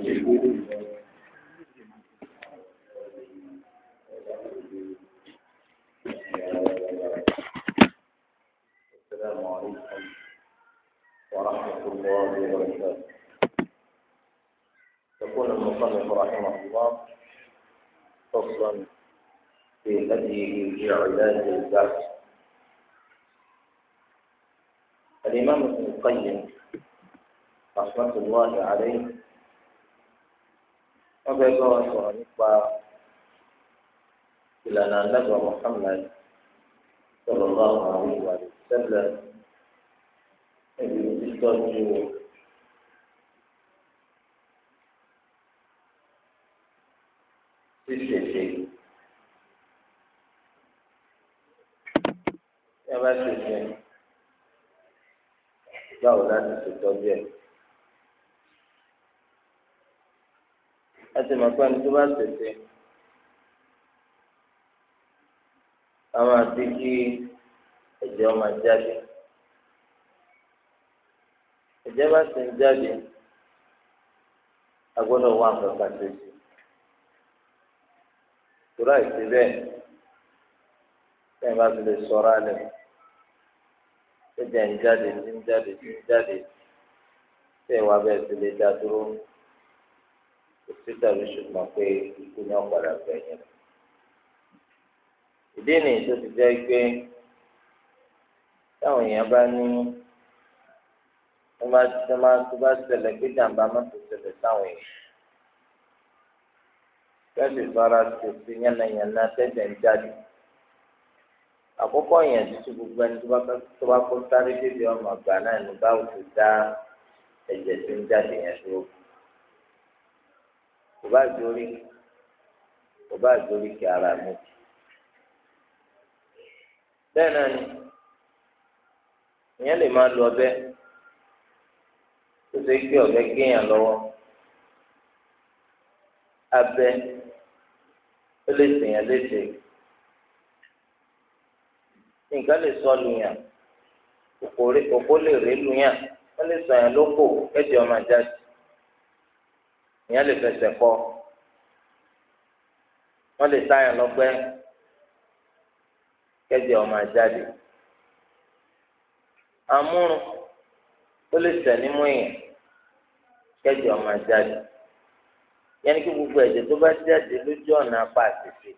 السلام عليكم ورحمة الله وبركاته يقول المصنف رحمه الله فصلا في هديه في علاج البعث الإمام ابن القيم رحمة الله عليه fẹ́ bá wa sọ̀rọ̀ nípa ìlànà anábà Muhammad sọ̀rọ̀ bá wọn àwọn ìwà ìṣẹ̀lẹ̀ ẹ̀bí títọ́jú ṣíṣèṣe. Ẹ bá ṣèṣe báwo láti ṣètọ́jú ẹ̀. ẹsẹ̀ mọ̀pẹ́ ẹni tó bá tẹ̀sẹ̀ a máa ti kí ẹ̀jẹ̀ ọmọ jáde ẹ̀jẹ̀ bá ti ń jáde a gbọ́dọ̀ wá nǹkan kan ṣe sí tura ìsí bẹ́ẹ̀ bẹ́ẹ̀ bá ti lè sọ̀rọ̀ alẹ́ ẹ̀jẹ̀ ń jáde ń jáde ń jáde bẹ́ẹ̀ wá bẹ́ẹ̀ ti lè dá dúró títà ló ṣùgbọ́n pé ikú ní ọ̀padà gbẹ̀yìn rẹ̀. ìdí nìyí tó ti jẹ́ pé táwọn èèyàn bá ní wọ́n bá tó bá tó bá ṣẹlẹ̀ pé jàǹbá má tó ṣẹlẹ̀ sáwọn èèyàn. kẹ́sì fara ṣèṣe yánnayànna tẹ́tẹ̀ ń jáde. àkọ́kọ́ èèyàn títí gbogbo ẹni tó bá kó sáré débi ọmọ àgbà náà ní báwo ti dá ẹ̀jẹ̀ tó ń jáde yẹn dúró kù kò bá dorí kò bá kí ara mi jù bẹ́ẹ̀ náà ni ìyẹn lè máa lo ọbẹ̀ tó ṣe gbé ọbẹ̀ géèyàn lọ́wọ́ abẹ ó lè sèyàn léṣe nǹkan lè sọ lùyàn òkò lè rè lùyàn wọ́n lè sọ yàn lóko ẹ̀jẹ̀ ọmọ jáde ìyẹn lè fẹsẹ̀ kọ wọ́n lè sáyà lọ́gbẹ́ kẹ́jẹ ọmọ àjáde amúrun ó lè sẹ̀ nímú èèyàn kẹ́jẹ ọmọ àjáde yẹn ní kí gbogbo ẹ̀jẹ̀ tó bá jáde lójú ọ̀nà apá àtẹ̀tẹ̀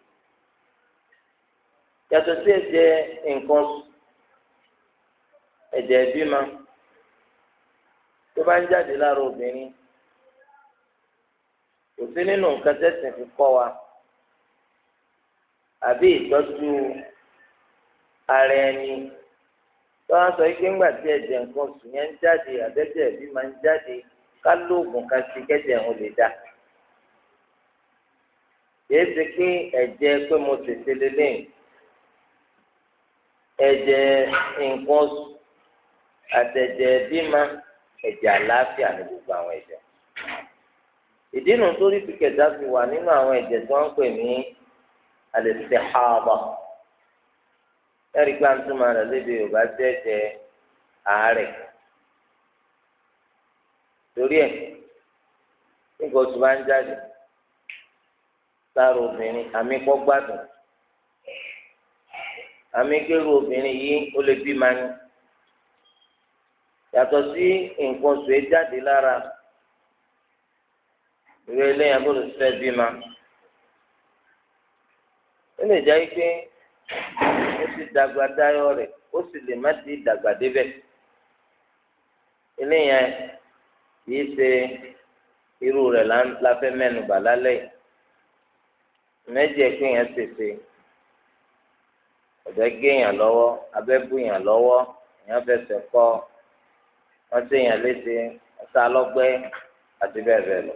yàtọ̀ sí ẹ̀jẹ̀ nǹkan ẹ̀jẹ̀ bímọ tó bá ń jáde lára obìnrin kò sí nínú nǹkan tẹ̀sìn fi kọ́ wa àbí ìtọ́jú ara ẹni tó wá sọ pé ńgbà tí ẹ̀jẹ̀ nǹkan oṣù yẹn ń jáde àbẹ́jẹ̀ bí máa ń jáde ká lóògùn kan sí kẹ́jẹ̀ òun lè dà kìí ṣe pé ẹ̀jẹ̀ pé mo tètè lélẹ́yìn ẹ̀jẹ̀ nǹkan oṣù àtẹ̀jẹ̀ bímọ ẹ̀jẹ̀ àlàáfíà ní gbogbo àwọn ẹ̀jẹ̀ ìdí nu tó rí pìkẹ̀dá fi wà nínú àwọn ẹ̀jẹ̀ tí wọ́n ń pè ní al-istihada ẹ̀rí pé àtúmọ̀ rẹ̀ lédè Yorùbá jẹ́ ẹ̀jẹ̀ àárẹ̀ torí ẹ̀ nígbà oṣù bá ń jáde lára obìnrin àmì kọ́ gbádùn àmì kérú obìnrin yìí ó lè bí mani yàtọ̀ sí nǹkan oṣù ẹ̀ jáde lára ìwé eléyàn bó ló fẹ́ bí ma ó lè jẹ́ pé ó ti dàgbà dáyọ rẹ̀ ó sì lè má ti dàgbà débẹ̀ eléyàn yìí ṣe irú rẹ̀ la fẹ́ mẹ́nubà lálẹ́ yìí mẹ́jẹ̀ pé yẹn ṣèṣe ọ̀bẹ géèyàn lọ́wọ́ abẹ́ bùyàn lọ́wọ́ èèyàn fẹsẹ̀ kọ́ wọ́n ṣèyàn léṣe ọ̀sá lọ́gbẹ́ àti bẹ́ẹ̀ bẹ́ẹ̀ lọ.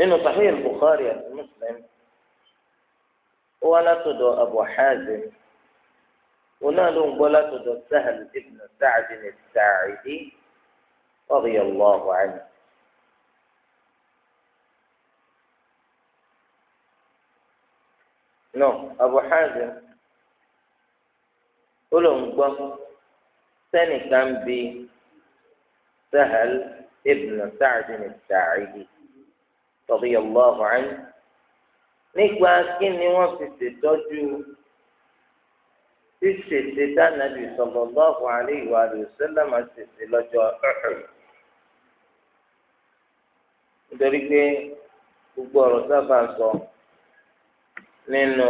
لأنه صحيح البخاري المسلم ولا تدو أبو حازم ولا لهم ولا تدو سهل ابن سعد الساعدي رضي الله عنه نو نعم، أبو حازم ولهم سنة كان بي سهل ابن سعد الساعدي radiyallahu anhu nígbà kí ni wọ́n fi ṣètọ́jú ṣíṣèṣe dánàbì sallallahu alayhi wa sallam ṣèṣe lọ́jọ́ Uhud nítorí pé gbogbo ọ̀rọ̀ sábà sọ nínú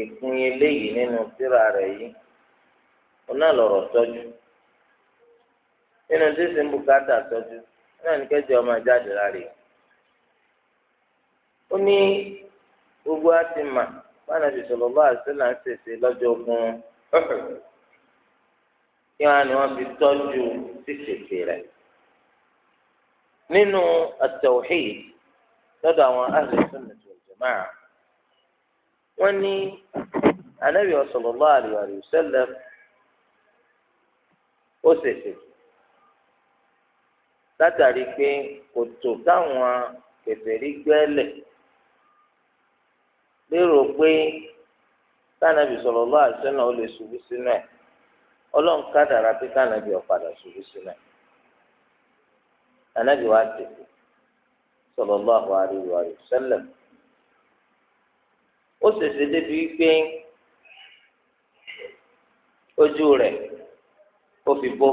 ìpín eléyìí nínú síra rẹ̀ yìí ọ̀nà lọ̀rọ̀ tọ́jú nínú tí sì tọ́jú náà ní kẹ́jọ́ ọmọ jáde lára yìí. ó ní gbogbo àti mà báyìí náà sọ̀rọ̀ bá àṣìlá ń ṣèṣe lọ́jọ́ ogun kí wọn ni wọ́n fi tọ́jú ṣíṣèṣe rẹ̀ nínú at lọ́dọ̀ àwọn ahlu sunnah wal jamaa wọ́n ní anabi sallallahu alaihi wa sallam ó ṣèṣe látàrí pé lérò pé kánàbì sallallahu alaihi wasallam ó lè ṣubú sínú ẹ̀ ọlọ́run kádàrá pé kánàbì ọ̀padà ṣubú sínú ẹ̀ kánàbì wa tètè sallallahu alaihi wasallam ó ṣèṣe débi wípé ojú rẹ̀ ó fi bó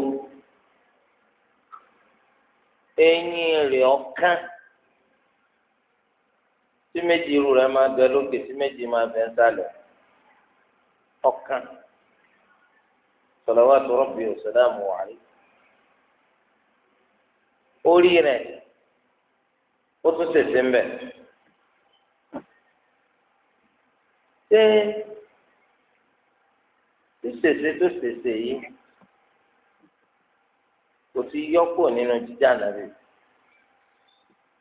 eyín rẹ̀ ọ̀kan. tí méjì irú rẹ̀ máa bẹ lókè tí méjì máa bẹ nsàlẹ̀ ọ̀kan salawatu rabbi wa salamu alayhi orí rẹ̀ ó tún tètè ń bẹ ṣé ṣíṣèṣe tó ṣèṣe yìí kò ti yọpọ nínú jíjẹ ànábì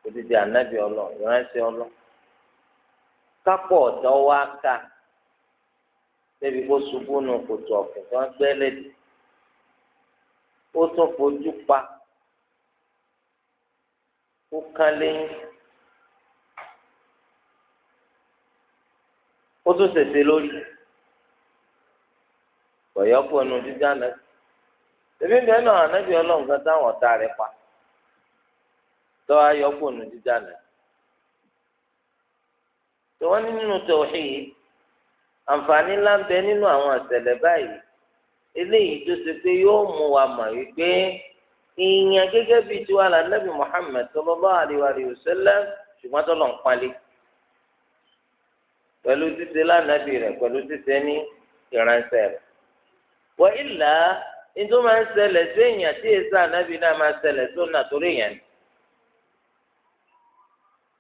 kò ti di ànábì ọlọ ìránṣẹ́ ọlọ. kápọ̀ ọ̀dọ́ wa ká débi kó ṣubú nu kòtò ọ̀fìn tí gbẹ́ lẹ́dí ó tún fojú pa ó kán ó tún ṣèṣe lórí ọ̀yọ́pọ̀ nu dídá náà tẹ̀bí bẹ́ẹ̀ náà táwọn pa wọ́n ní nínú tauhid àǹfààní ńlá ń bẹ nínú àwọn àṣẹlẹ̀ báyìí eléyìí tó ṣe pé yóò mú wa mọ̀ wípé ìyẹn gẹ́gẹ́ bíi tiwa la nabi Muhammad sallallahu alaihi wa ṣùgbọ́n tó lọ ń palẹ̀ pẹ̀lú títẹ lánàbì rẹ̀ pẹ̀lú títẹ ní ìránṣẹ́ rẹ̀ wọ́n ìlà nítorí máa ń ṣẹlẹ̀ sí èèyàn tí èsì ànábì náà máa ṣẹlẹ̀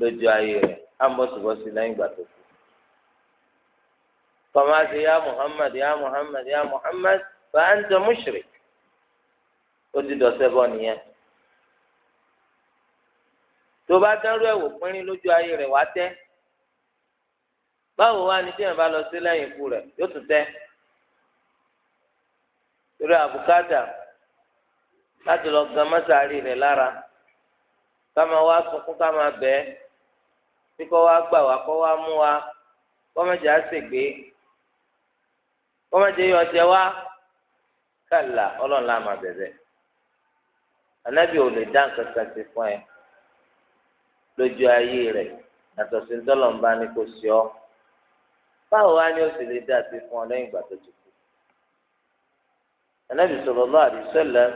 lójú ayé rẹ̀ á ń bọ̀sibọ̀sì lẹ́yìn ìgbà tó kù. kọ́máṣe ya muhammad ya muhammad ya muhammad fa anta mushrik ó ti dọ̀sẹ̀ bọ̀ nìyẹn. tó bá dárú ẹ̀wò pínrín lójú ayé rẹ̀ wá tẹ́ báwo wá ni tíyẹn bá lọ sí lẹ́yìn ikú rẹ̀ yóò tún tẹ́ torí àbùkátà láti lọ gan mọ́sàárì rẹ̀ lára ká máa wá sunkún ká máa bẹ́ẹ̀ bí kò wá gbà wá kò wá mú wa kọ́mọ̀jẹ́ á sì gbé kọ́mọ̀jẹ́ yọ jẹ wá kàlà ọlọ́run la máa bẹ̀rẹ̀ anábì ò lè dá nǹkan kan sí fún ẹ lójú ayé rẹ yàtọ̀ sí ńdọ́lọ́mbá ni kò sí ọ báwo wá ni ó sì lè dá sí fún ọ lẹ́yìn ìgbà tó ti kú anábì sallallahu alaihi wasallam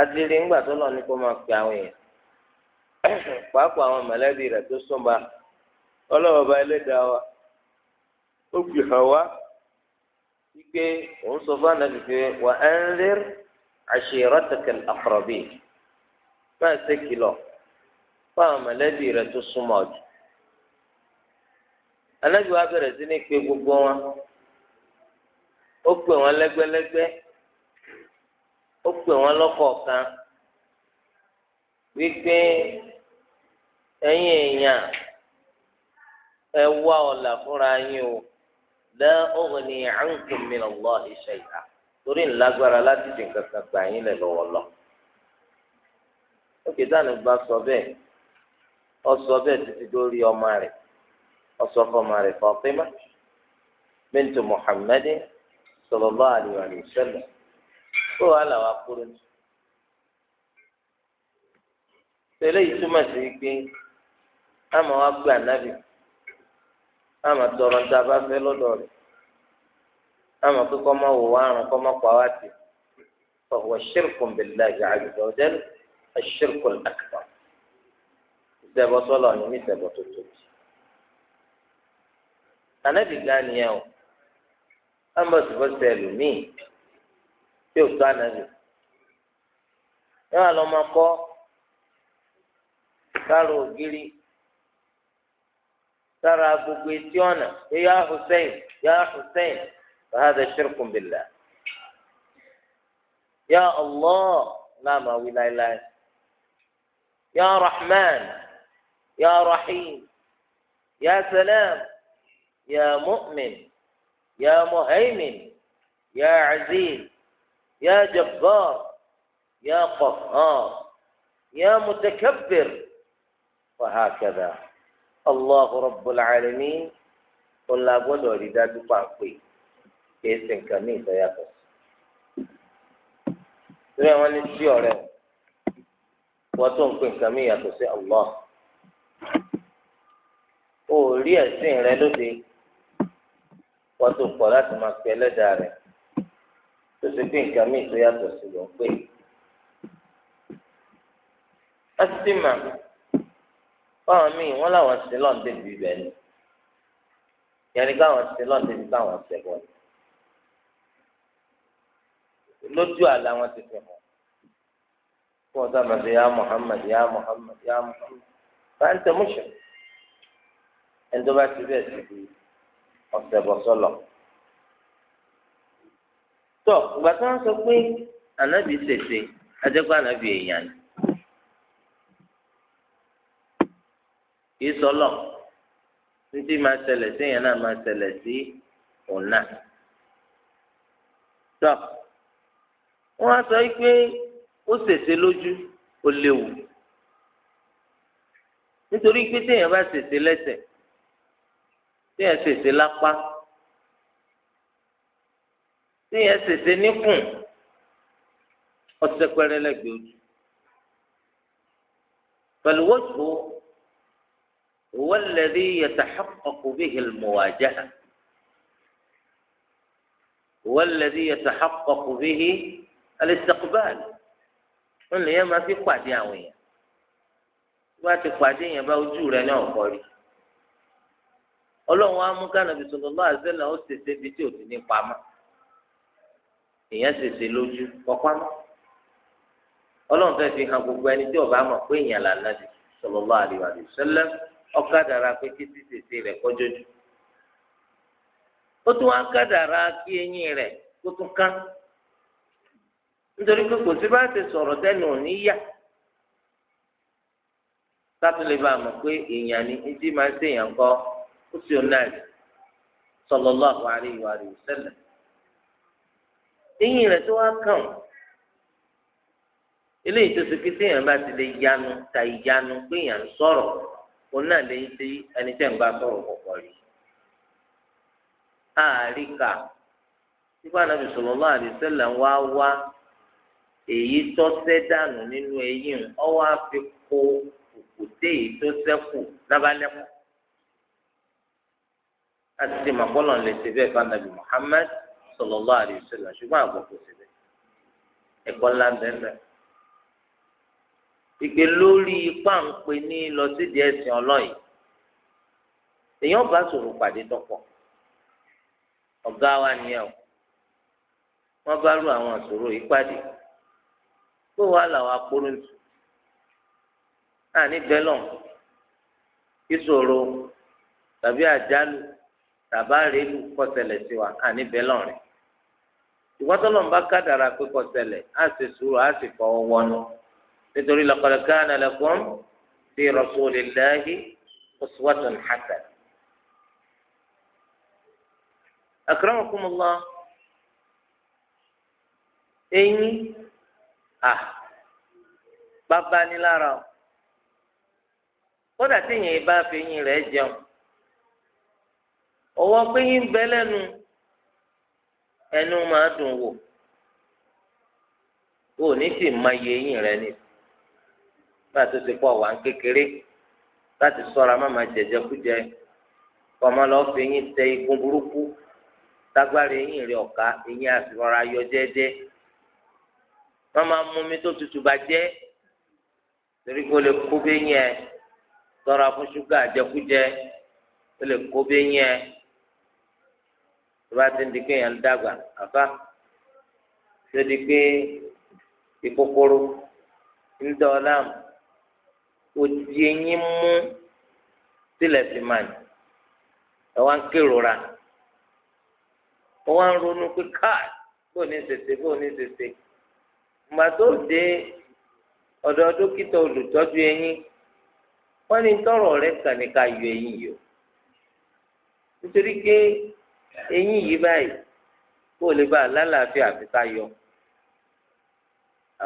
adìrẹ ńgbà tó lọ ní kó máa pe àwọn èèyàn pàápàá àwọn mọ̀lẹ́bí rẹ̀ tó súnmọ́ ọlọ́wọ́ bá ẹlẹ́dàá wa ó fi hàn wá wípé òun sọ fún àná fífi wà á ń rí ashiratakal aqrabin máa ṣe kìlọ̀ fún àwọn mọ̀lẹ́bí rẹ̀ tó súnmọ́ jù anábì wa bẹ̀rẹ̀ sí ní pé gbogbo wọn ó pè wọn lẹ́gbẹ́lẹ́gbẹ́ ó pè wọn lọ́kọ̀ọ̀kan wípé. ẹ̀yin èèyàn ẹ wá ọ̀là fúnra yín o lẹ́ ọ̀gbìnì àǹkùn mi lọ́wọ́ iṣẹ́ ìta torí ńlágbára láti kankan gbà yín lọ́wọ́ lọ. òkè dànù bá sọ bẹ́ẹ̀ sọ bẹ́ẹ̀ títí dórí ọmọ rẹ̀ sọ rẹ̀ Fatima bintu Muhammadin sallallahu alaihi wa sallam kó wàá là kúrò ní. àmọ́ wa gbé ànábì àmọ́ tọrọ ń ta bá fẹ́ lọ́dọ̀ rẹ̀ àmọ́ pé kọ́ máa wò wá àrùn kọ́ máa pa wá tì ọ̀wọ́ ṣírkùn billahi azza wa jal ash-shirkul akbar ìṣẹ̀bọ sọ́lọ̀ ní ní ìṣẹ̀bọ tó tóbi. ànábì gan nìyẹn o àmọ́ ìṣẹ̀bọ sẹ́ẹ̀lù míì tí ò tó ànábì yóò lọ́ máa kọ́ kárò ògiri. ترى بوغيتيونا يا حسين يا حسين فهذا شرك بالله يا الله لا ما ولا إله يا رحمن يا رحيم يا سلام يا مؤمن يا مهيمن يا عزيز يا جبار يا قهار يا متكبر وهكذا الله رب العالمين ó la gbọ́dọ̀ rí dájú pàǹpẹ́ kìí ṣe nǹkan ní ìtọ́yàtọ̀. Ìrẹ́ wọn ní sí ọ̀rẹ́ wọ́n tó ń pè nǹkan mí yàtọ̀ sí Allah. O ò rí rẹ lóde wọ́n tó pọ̀ láti máa pe ẹlẹ́dàá rẹ̀ tó ṣe pé nǹkan mí ìtọ́yàtọ̀ sí ló ń pè. Á sì báwọn míì wọn làwọn ṣe lọ́n débi ibẹ̀ ni yẹnni káwọn ṣe lọ́n débi káwọn ṣe lójú àlá wọn ti fi hàn kí wọn sábà ya Muhammad ya Muhammad ya Muhammad bá ń tẹ mọ́ṣẹ́ ẹni tó bá ti tó ìgbà tí sọ pé ànábì ànábì èèyàn ni. kì í sọlọ títí máa ṣẹlẹ̀ sí èèyàn náà máa ṣẹlẹ̀ sí òun náà. tọ́ wọ́n á sọ pé ó ṣèṣe lójú ó léwu nítorí pé téèyàn bá ṣèṣe lẹ́sẹ̀ téèyàn ṣèṣe lápá téèyàn ṣèṣe níkùn ọtí pẹrẹ lẹ́gbẹ̀ẹ́ ojú pẹ̀lú wọ́jú هو الذي يتحقق به المواجهة هو الذي يتحقق به الاستقبال wọn lè yẹn máa fi pàdé àwọn èèyàn tí wọn ti pàdé yẹn bá ojú rẹ ní ọkọ rí Ọlọ́run á mú kánàbì sallallahu alaihi wasallam ó ṣèṣe ibi tí ò ti ní pamọ́ èèyàn ṣèṣe lójú kọ Ọlọ́run fẹ́ẹ́ fi hàn gbogbo ẹni tí ọba mọ̀ pé èèyàn là nàbì sallallahu alaihi wasallam ọ̀kadàrà pé kí sísèse rẹ̀ kọjọ́jú ó tún wá kádàrà kí eyín rẹ̀ kó tún ká nítorí pé kò sí bá ti sọ̀rọ̀ tẹ́nu ò yá sátún bá a mọ̀ pé èèyàn ni máa ń sèèyàn kọ́ ó sì ó náà eyín rẹ̀ tó òun náà lè ti ẹni tẹ́ ń bá sọ̀rọ̀ kọ̀kọ̀ rí àríkà nígbà Ànábì sallallahu alaihi wasallam ń wá wá èyí tó sẹ́ dànù nínú eyín ọwọ́ àfi kó òkùté èyí tó sẹ́kù lábálẹ́kù láti ṣe màkọ́lọ̀ lè ṣe bẹ́ẹ̀ fún Ànábì ṣùgbọ́n ìpè lórí ipá ń pè ní lọ sídìí ẹ̀sìn ọlọ́yìn èèyàn bá sọ̀rọ̀ pàdé tọ́pọ̀ ọ̀gá wa nìyẹn o wọ́n bá rú àwọn àṣòro yìí pàdé tó wàá làwọn akpọ́rọ̀ǹtù àní bẹ́lọ̀n ìṣòro tàbí àjálù tàbá rèélu kọsẹ̀lẹ̀ sí wa àní bẹ́lọ̀n rẹ̀ ìwọ́tọ́lọ́mbà kádàrà pé kọsẹ̀lẹ̀ á sì sùúrù á sì fọwọ́ wọnú nítorí laqad kana lakum fi rasulillahi uswatun hasanah. akramakumullah eyín à ah, bàbá ni lára o kódà tí yìnyín bá fi eyín rẹ̀ jẹun ọwọ́ péyín bẹ́ lẹ́nu ẹnu máa dùn wò o ní sì máa yẹ eyín rẹ̀ nìyí bá a tó ti pọ̀ wá ń kékeré láti sọ́ra má máa jẹjẹ kújẹ ọmọ lọ fi eyín tẹ igun burúkú tágbára eyín rẹ ọ̀ka eyín àfihàn ayọ jẹ́jẹ́ wọ́n máa mú mi tó tutù bá jẹ́ torí kó lè kó bẹ́ yẹn sọ́ra fún ṣúgà àjẹkújẹ ó lè kó bẹ́ yẹn tó bá ti ń di pé èèyàn dàgbà àbá tó di pé ìkókóró ń dọ̀ ọ́ láàmú. o eyín mú sílẹ̀ fi máa ní ẹ wá ń kérora ó wá ń ronú pé káà bó ní sèse bó ní sèse ìgbà tó dé ọ̀dọ̀ dókítà olùtọ́jú eyín wọ́n ní tọrọ rẹ kàn ní ká yọ eyín yìí nítorí pé eyín yìí báyìí kó o lè bá a lálàáfíà yọ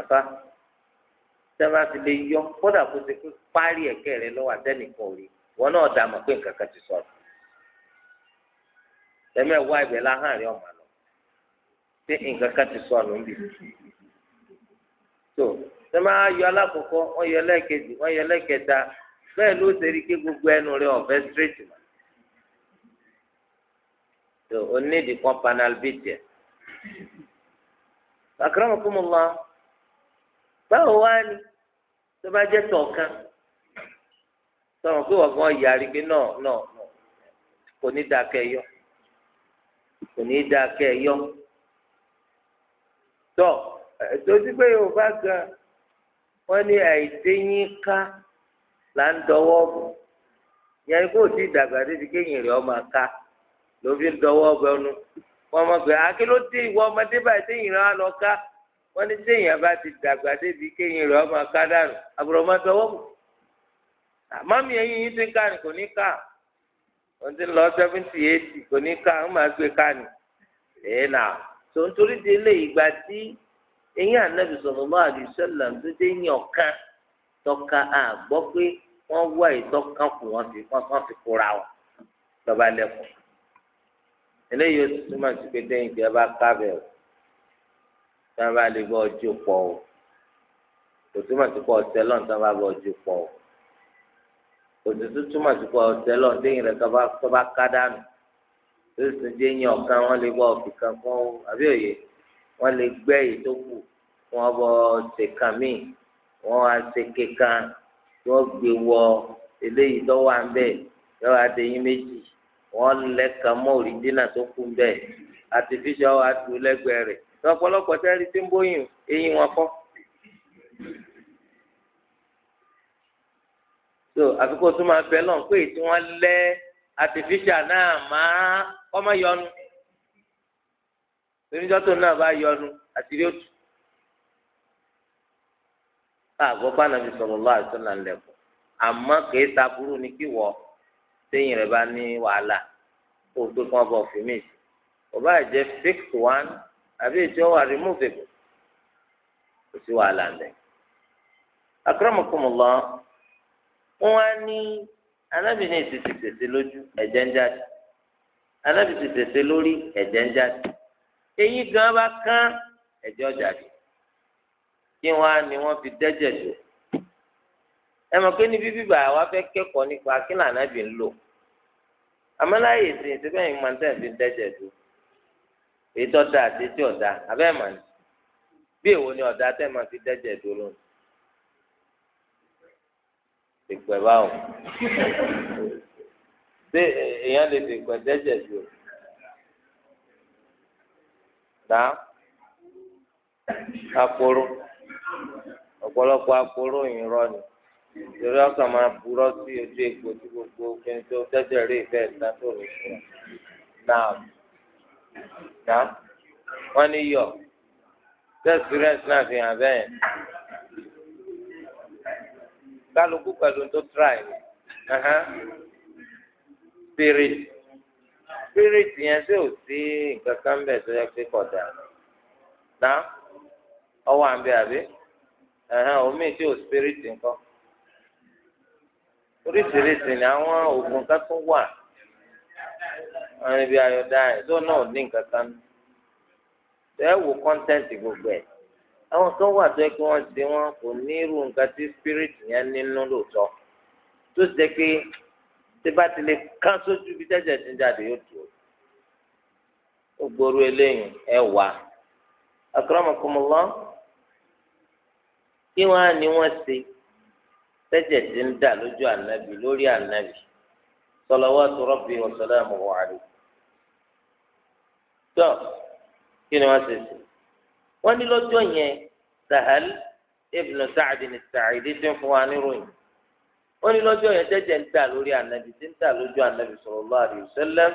àfa. sábà ti lè yọ kódà kó ti kó parí ẹ̀kẹ́ rẹ lọ́wọ́ àtẹnìkan ò rí wọn náà dà mọ̀ pé nǹkan kan ti sọ̀rọ̀ tẹmẹ wá ibẹ̀ láhàn rẹ ọmọ lọ ṣé nǹkan kan ti sọnù ń bì tó tẹmẹ ayọ alákọọkọ yọ lẹ́ẹ̀kejì yọ lẹ́ẹ̀kẹta bẹ́ẹ̀ ló ṣe rí gbogbo ẹnu rẹ ọ̀fẹ́ straight ma tó onídìí kan panel bíi lọ. báwo wá ni tó bá jẹ́ tọ̀ọ̀kan sọ̀rọ̀ pé wọ́n gan yàrí pé náà náà kò ní dáa kẹ́ yọ kò ní dáa kẹ́ yọ tọ́ ètòtí pé yorùbá ga, wọ́n ní àìséyín ká là ń dọwọ́ bù yẹn kó o ti dàgbà débi kéyìn rẹ̀ ọmọ ká ló fi ń dọwọ́ bẹ́ẹ̀ nu wọ́n mọ̀ pé àkìlódé ìwọ ọmọdé báyìí téyìn rẹ̀ á lọ ká. wọ́n ní sẹ́yìn bá ti dàgbà débi kéyìn rẹ̀ ọmọ akádàrú àbúrò máa dọwọ́ bò ah, mami ẹyin yín ti ń kàní kò ní ká wọ́n ti ń lọ seventy eighty kò ní ká wọ́n máa gbé kàní eh, ẹ̀ẹ́ nà tó ń torí di ilé ìgbà tí eyín ànábì sallallahu alaihi wasallam tó dé yín ọ̀kan tọ́ka àgbọ́ pé wọ́n wá ìtọ́kàn kù wọ́n fi wọ́n fi kóra wọn lọ́ba lẹ́kọ̀ọ́ eléyìí ó túmọ̀ sí pé dẹ́yìn bí ẹ bá ká bẹ̀rù sábà lè bọ́ ọjọ́ pọ̀ o kò túmọ̀ sí pé ọ̀sẹ̀ lọ́n sábà bọ́ ọjọ́ pọ̀ o kò tuntun túmọ̀ sí pé ọ̀sẹ̀ lọ́n déyìn rẹ̀ tó bá ká dànù tó sì déyìn ọ̀kan wọ́n lè bọ́ ọ̀fì kan fún ọ àbí òye wọ́n lè gbẹ́ èyí tó kù wọ́n bọ́ ṣèkà míì wọ́n á ṣe kékan tí wọ́n gbé wọ eléyìí tó wà ń bẹ̀ yọ̀wá déyìn méjì wọ́n lẹ́ka mọ́ òrìjínà tó kù ń bẹ̀ artificial wà dúró lẹ́gbẹ̀ẹ́ lọ́pọ̀lọpọ̀ sẹ́ẹ̀rì tí ń bóyìn eyín wọn kọ́. so àfikún tó máa bẹ lọ́n pé tí wọ́n lẹ́ artificial náà máa ọmọ yọnu oníjọ́ tó náà bá yọnu àtìrí òtù. káàbọ̀ bá nàbí sallallahu alaihi wasallam lẹ́kọ̀ọ́ àmọ́ kìí saburú ni kí wọ́ sẹ́yìn rẹ̀ bá ní wàhálà tó o pé kí wọ́n bọ̀ fún mi. ọba ìjẹ́ fake one àbí ètò ọwọ́ àrímúfèbò kò sí wàhálà ńlẹ̀. akramakumullah wọn á ní anábìnrin ètùtù tètè lójú ẹ̀jẹ̀ ń jáde anábìnrin tètè lórí ẹ̀jẹ̀ ń jáde èyí gan bá kán ẹ̀jẹ̀ ọjà dé kí wọn á ní wọn fi dẹ́jẹ̀ jù ẹ mọ̀ pé ní bíbí bàá wa fẹ́ kẹ́kọ̀ọ́ nípa kí lànà bì ń lò àmọ́ láyé ìsìn ìsìn bẹ́ẹ̀ ni màá tẹ̀ fi dẹ́jẹ̀ jù. èyí tó da àti tí ọ̀dà abẹ́ mà ní bí èwo ni ọ̀dà tẹ́ ma fi dẹ́jẹ̀ dúró ìpẹ́ báwò ṣé èèyàn lè fi ìpẹ́ dẹ́jẹ̀ dúró akoro ọ̀pọ̀lọpọ̀ akoro ìrọ̀ ni torí máa burọ́ sí ojú egbò tí gbogbo ẹni tó dẹ́jẹ̀ rí ìfẹ́ náà wọ́n ní yọ experience náà fi hàn bẹ́ẹ̀ kálukú pẹ̀lú tó try spirit spirit yẹn ṣé ò sí nǹkan kan bẹ̀ tó yẹ pé kọ̀dà náà ọwọ́ àǹbẹ̀ àbí omi tí o spirit nǹkan oríṣiríṣi ni àwọn oògùn kan tún wà wọn níbi ayọ̀dáyìn tó náà ní nǹkan kan ẹ wo kọ́ńtẹ́ǹtì gbogbo ẹ̀ àwọn kan wà tó yẹ kí wọ́n ti wọn kò ní irú nǹkan tí spirit yẹn nínú lóòótọ́ tó ti jẹ́ pé tí bá ti lè kán sójú bí jẹ́jẹ́ ti ń jáde yóò tó o gbòòrò eléyìí ẹ wà akramakumullah kí wọ́n á ní wọ́n ṣe jẹ́jẹ́ ti ń dà lójú ànábì lórí ànábì salawatu rabbi wa salamuhu alayhi. tó kí ni wọ́n ṣe sí wọ́n ní lọ́jọ́ yẹn sahal ibn sa'd ní sa'idi tí ń fún wa níròyìn wọ́n ní lọ́jọ́ yẹn jẹ́jẹ́ ń dà lórí ànábì tí ń dà lójú ànábì sallallahu alayhi wa sallam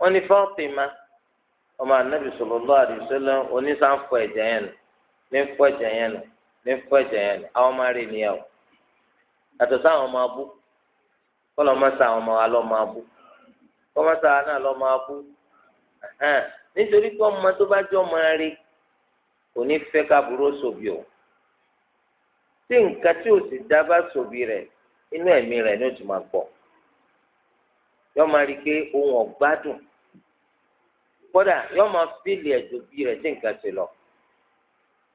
wọ́n ní Fatima ọmọ anabi sallallahu alaihi wasallam onísànfọ ẹ̀jẹ̀ yẹn ní fọ ẹ̀jẹ̀ yẹn ní fọ ẹ̀jẹ̀ yẹn àwọn ọmọ rẹ nìyẹn o yàtọ̀ sáwọn kọlọ ma sa àwọn ọmọ wa lọ máa bú kọmọ sa náà lọ máa bú nítorí pé ọmọ tó bá jọ máa rí kò ní fẹ́ ká burú sòbí o tí nǹkan tí ò sì dá bá sòbí rẹ̀ inú ẹ̀mí rẹ̀ ní òtún máa gbọ́ yọ máa rí i pé ohun ọ̀gbádùn kódà yọ máa fílì ẹ̀jọ̀ bí rẹ̀ tí nǹkan ti lọ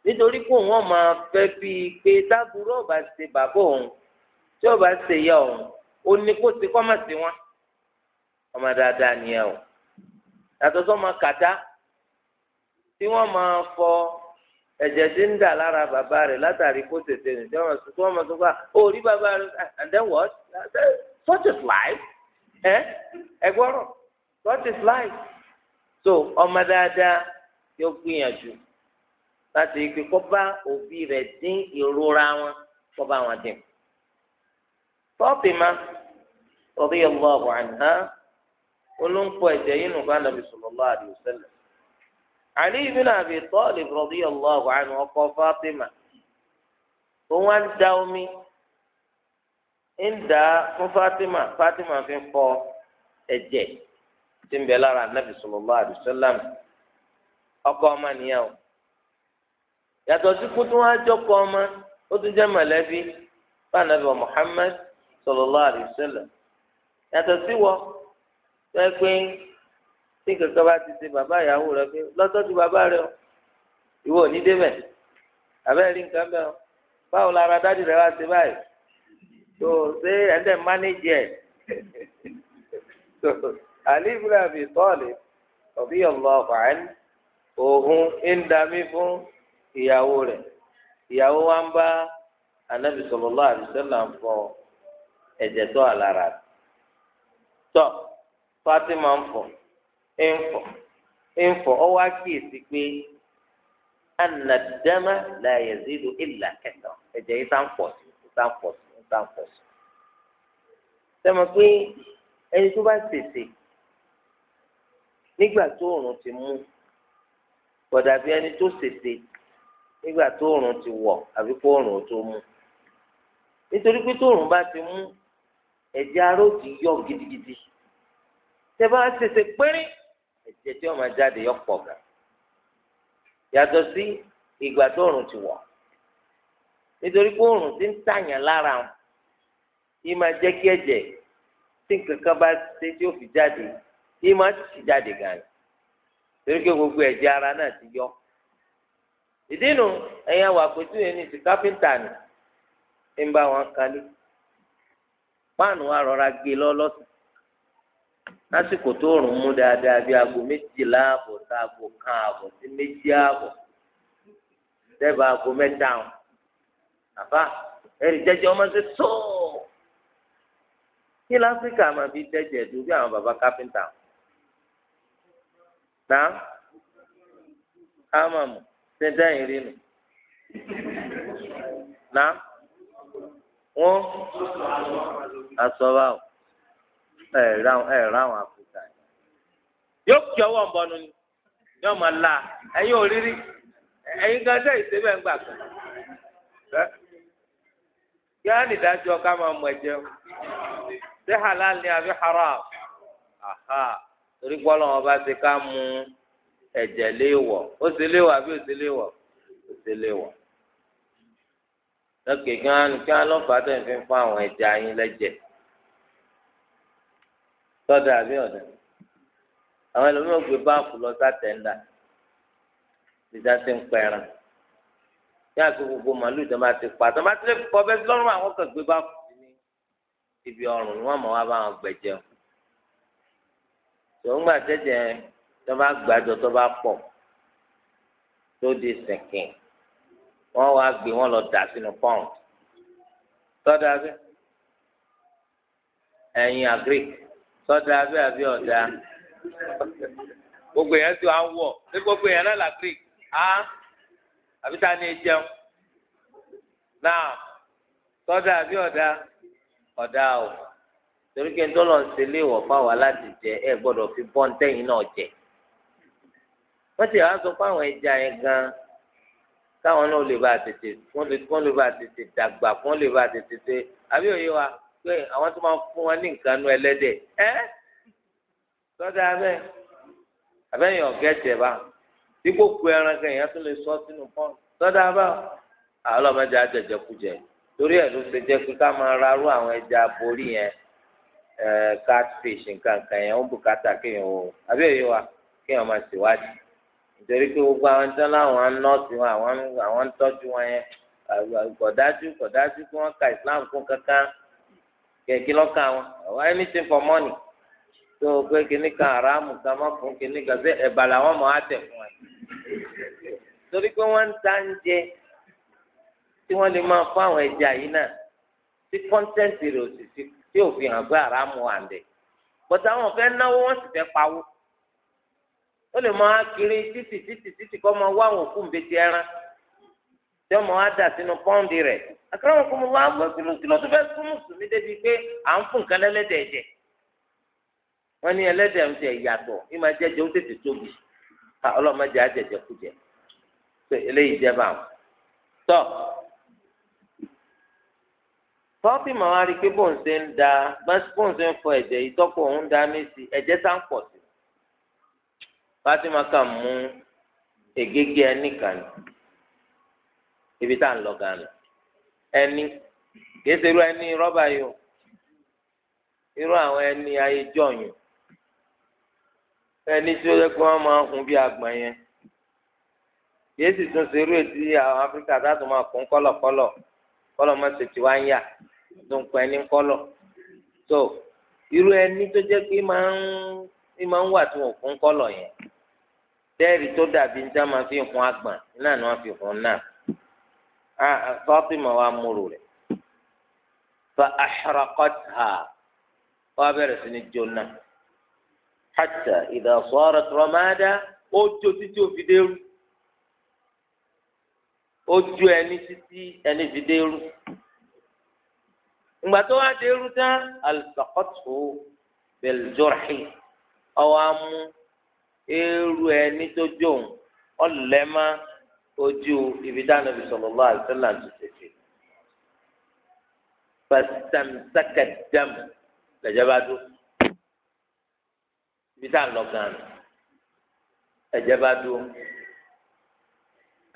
nítorí pé òun máa fẹ́ bíi pé táburú ọ̀bà ṣe bàbá òun tí ọ̀bà ṣe yá òun ó ní kó ti kọ́ mọ̀ sí wọn ọmọ dáadáa ni ẹ o yàtọ̀ sọ́mọ kàtá tí wọ́n máa fọ ẹ̀jẹ̀ tí ń dà lára bàbá rẹ̀ látàrí kó tètè nì tí wọ́n tí wọ́n máa sọ pé ah, rí bàbá rẹ̀ ah, and then what such is life ẹ ẹ gbọ́rọ̀ such is life so ọmọ dáadáa yóò gbìyànjú láti ike kó bá òbí rẹ̀ dín ìrora wọn kó bá wọn dín. Fọ́ọ̀tì máa radiyallahu anha olóńpọ̀ ẹ̀jẹ̀ yìí nù bá nàbì sallallahu alaihi wasallam. Ali ibn Abi Talib radiyallahu anhu ọkọ Fatima òun á da omi ń da fún Fatima Fatima fi ń fọ ẹ̀jẹ̀ tí ń bẹ lára yàtọ̀ sí kutu ọmọ ó tún jẹ́ mọ̀lẹ́bí yàtọ̀ sí wọ tó ẹ pé tí kankan bá ti ṣe bàbá ìyàwó rẹ pé lọ́tọ́jú bàbá rẹ o ìwọ ò ní débẹ̀ àbẹ́rẹ́ rí nǹkan bẹ́ẹ̀ o báwo lára dájú rẹ wá sí báyìí tó ṣé ẹ̀ńdẹ̀ mánéjì ẹ̀ àlè ìfúnra mi tọ́ọ̀lì ọ̀bí ọ̀lọ́ ọ̀fàán òhun ń dami fún ìyàwó rẹ̀ ìyàwó wa ń bá anabi sallallahu alaihi wasallam fọ ẹ̀jẹ̀ tó àlára tọ Fatima ń fọ ń fọ ń fọ ọ wá kíyèsí pé anadama la yazidu illa kẹta ẹ̀jẹ̀ yìí tá ń pọ̀ sí i tá ń pọ̀ sí i tá ń pọ̀ sí i sẹmọ pé ẹni tó bá tètè nígbà tó oòrùn ti mú kódà bí ẹni tó tètè nígbà tó oòrùn ti wọ̀ àbí kó oòrùn tó mú nítorí pé tó oòrùn bá ti mú ẹ̀jẹ̀ aró ti yọ gidigidi tẹ sese ṣẹṣẹ pínrín ẹ̀jẹ̀ tí wọn máa jáde yọ pọ̀ gan yàtọ̀ sí ìgbà tó ti wọ̀ nítorí pé ti ń tàyàn lára wọn yìí máa jẹ́ kí ẹ̀jẹ̀ tí fi jáde yìí máa ti jáde gan torí pé gbogbo ẹ̀jẹ̀ ara náà ti yọ ìdí nu ẹ̀yin àwọn ní ti káfíńtà ni ń bá wọn kalẹ̀ páànù wa rọra gbé lọ lásìkò tó rùn mú dáadáa bíi aago méjìlá ààbọ̀ tá aago kan ààbọ̀ sí méjì ààbọ̀ dẹ́ba aago mẹ́ta ọ̀hún àbá ẹ̀rì jẹjẹ ọmọ ṣe tó kí láfíríkà máa fi jẹjẹ dùn bí àwọn baba káfíńtà náà ámàmù ṣẹjẹ ìrìn nù náà wọn asọ ẹ rà wọn yóò kí ọwọ́ ń bọnu ni yóò máa la ẹ̀yin òrírí ẹ̀yin gan dẹ́ ìsebẹ̀ ń gbà kan kí á nìdájọ́ ká máa mọ̀ ẹ̀jẹ̀ ṣé halal ni àbí haram aha torí pé ọba ti ká mú ẹ̀jẹ̀ léèwọ̀ ó ṣe léèwọ̀ àbí ó ṣe léèwọ̀ ó ṣe gan-an kí á tẹ̀ fi fún sọ́dà àbí ọ̀dà àwọn ẹlòmíràn gbé báàkù lọ sátẹ̀ńdà ìjà ti ń pẹ̀ràn ní àti gbogbo màálù tó ti pa tó máa ti lè kọ́ bẹ́ẹ̀ lọ́rùn àwọn kan gbé báàkù sí ibi ọrùn ni wọ́n mọ̀ wá bá wọn gbẹ̀jẹ̀ tòun gbà jẹ́jẹ́ tó bá gbàjọ tó bá pọ̀ tó di sìnkìn wọ́n wá gbé wọn lọ dà sínú pọ́ùn sọ́dà bẹ́ẹ̀ ẹ̀yin agric sọ́dà abẹ́ àbí ọ̀dà gbogbo yẹn tó à ń wọ̀ ní gbogbo yẹn náà làkìrì á àbí ta ni ẹ jẹun náà sọ́dà àbí ọ̀dà ọ̀dà o torí pé ńtọ́lọ̀ ń ṣe léèwọ̀ fáwọn aláti jẹ ẹ gbọ́dọ̀ fi bọ́ńtẹ́yìn náà jẹ wọ́n ti wá sọ fún àwọn ẹja yẹn gan-an káwọn náà lè bá tètè wọ́n lè bá tètè dàgbà wọ́n lè bá tètè ṣe àbí òye wa pé àwọn tó máa fún wọn ní nǹkan nu ẹlẹ́dẹ̀ ẹ́ sọ́dọ̀ abẹ́ abẹ́yìn ọ̀gẹ́tẹ̀ bá tí kò ku ẹran kan èèyàn tó lè sọ sínú pọ́n sọ́dọ̀ abá ọlọ́mọdé ajẹjẹkujẹ torí ẹ̀ ló ṣe jẹ́ pé ká máa rárú àwọn ẹja borí yẹn catfish nǹkan kan yẹn ó bùkátà kéèyàn o abẹ́yìn wa kéèyàn máa ṣèwádìí nítorí pé gbogbo àwọn tán láwọn nọ́ọ̀sì wọn àwọn ń tọ́jú wọn yẹn kọ̀dájú kọ̀dájú kí wọ́n ka Islam kún kankan kẹ̀kí lọ́kàn wọn ọ̀wọ́ anything for money tó o pé kíní kan aráàmù kan má fún kíní kan sí ẹ̀bà làwọn mọ̀ á tẹ̀ fún ẹ. torí pé wọ́n ń ta ń jẹ tí wọ́n lè máa fún àwọn ẹja yìí náà tí kọ́ńtẹ́ǹtì rẹ̀ ò sì sí tí ò fi hàn pé aráàmù wà ń bẹ̀. bọ̀tà fẹ́ náwó wọ́n sì fẹ́ pawó. ó lè máa kiri títì títì títì kọ́ máa wá àwọn òkú ń bẹ ti ẹran tí ọmọ wa dà sínú pọ́ǹdì rẹ̀ akérèmọ kò mọ wá gbé kíló kíló tó fẹ́ fún mùsùlùmí débi pé à ń fún nǹkan lẹ́lẹ́dẹ̀ jẹ wọ́n ní ẹlẹ́dẹ̀ ń yàtọ̀ máa ó tètè tóbi ọlọ́mọdé kú eléyìí jẹ́ báwọn tọ́ ṣe ń da ibi tá à ń lọ ẹni kìí irú ẹni rọ́bà yìí o irú àwọn ẹni ayé jọ̀yìn ẹni tí ó yẹ kí wọ́n máa hun bí agbọ̀n yẹn kìí tún ṣe irú ètí àwọn Áfíríkà máa kún kọ́lọ̀kọ́lọ̀ kọ́lọ̀ ṣe tiwa ń yà tó ń pẹ́ ní kọ́lọ̀ irú ẹni tó kọ́lọ̀ yẹn dàbí máa fi hun agbọ̀n náà ni wọ́n hun náà. Ah, ah, Fátímà wa múlò rẹ̀ fa ahraqatha wa bẹ̀rẹ̀ sí ní jóná hatta idha sarat ramada ó jó títí ó fi dérú ó jó ẹni títí ẹni fi dérú ìgbà tó wá dérú tán alùpàkọ́tù bẹ̀lẹ́jọ́rì ọwọ́ amú eérú ẹni tó jó òun ọ̀lẹ́mọ́ ojú ibi dáná bí sọlọlọ àìsílà tó tètè pàṣẹm sákàdám lẹjẹ bá dó ibi tá à ń lọ gan ẹjẹ bá dó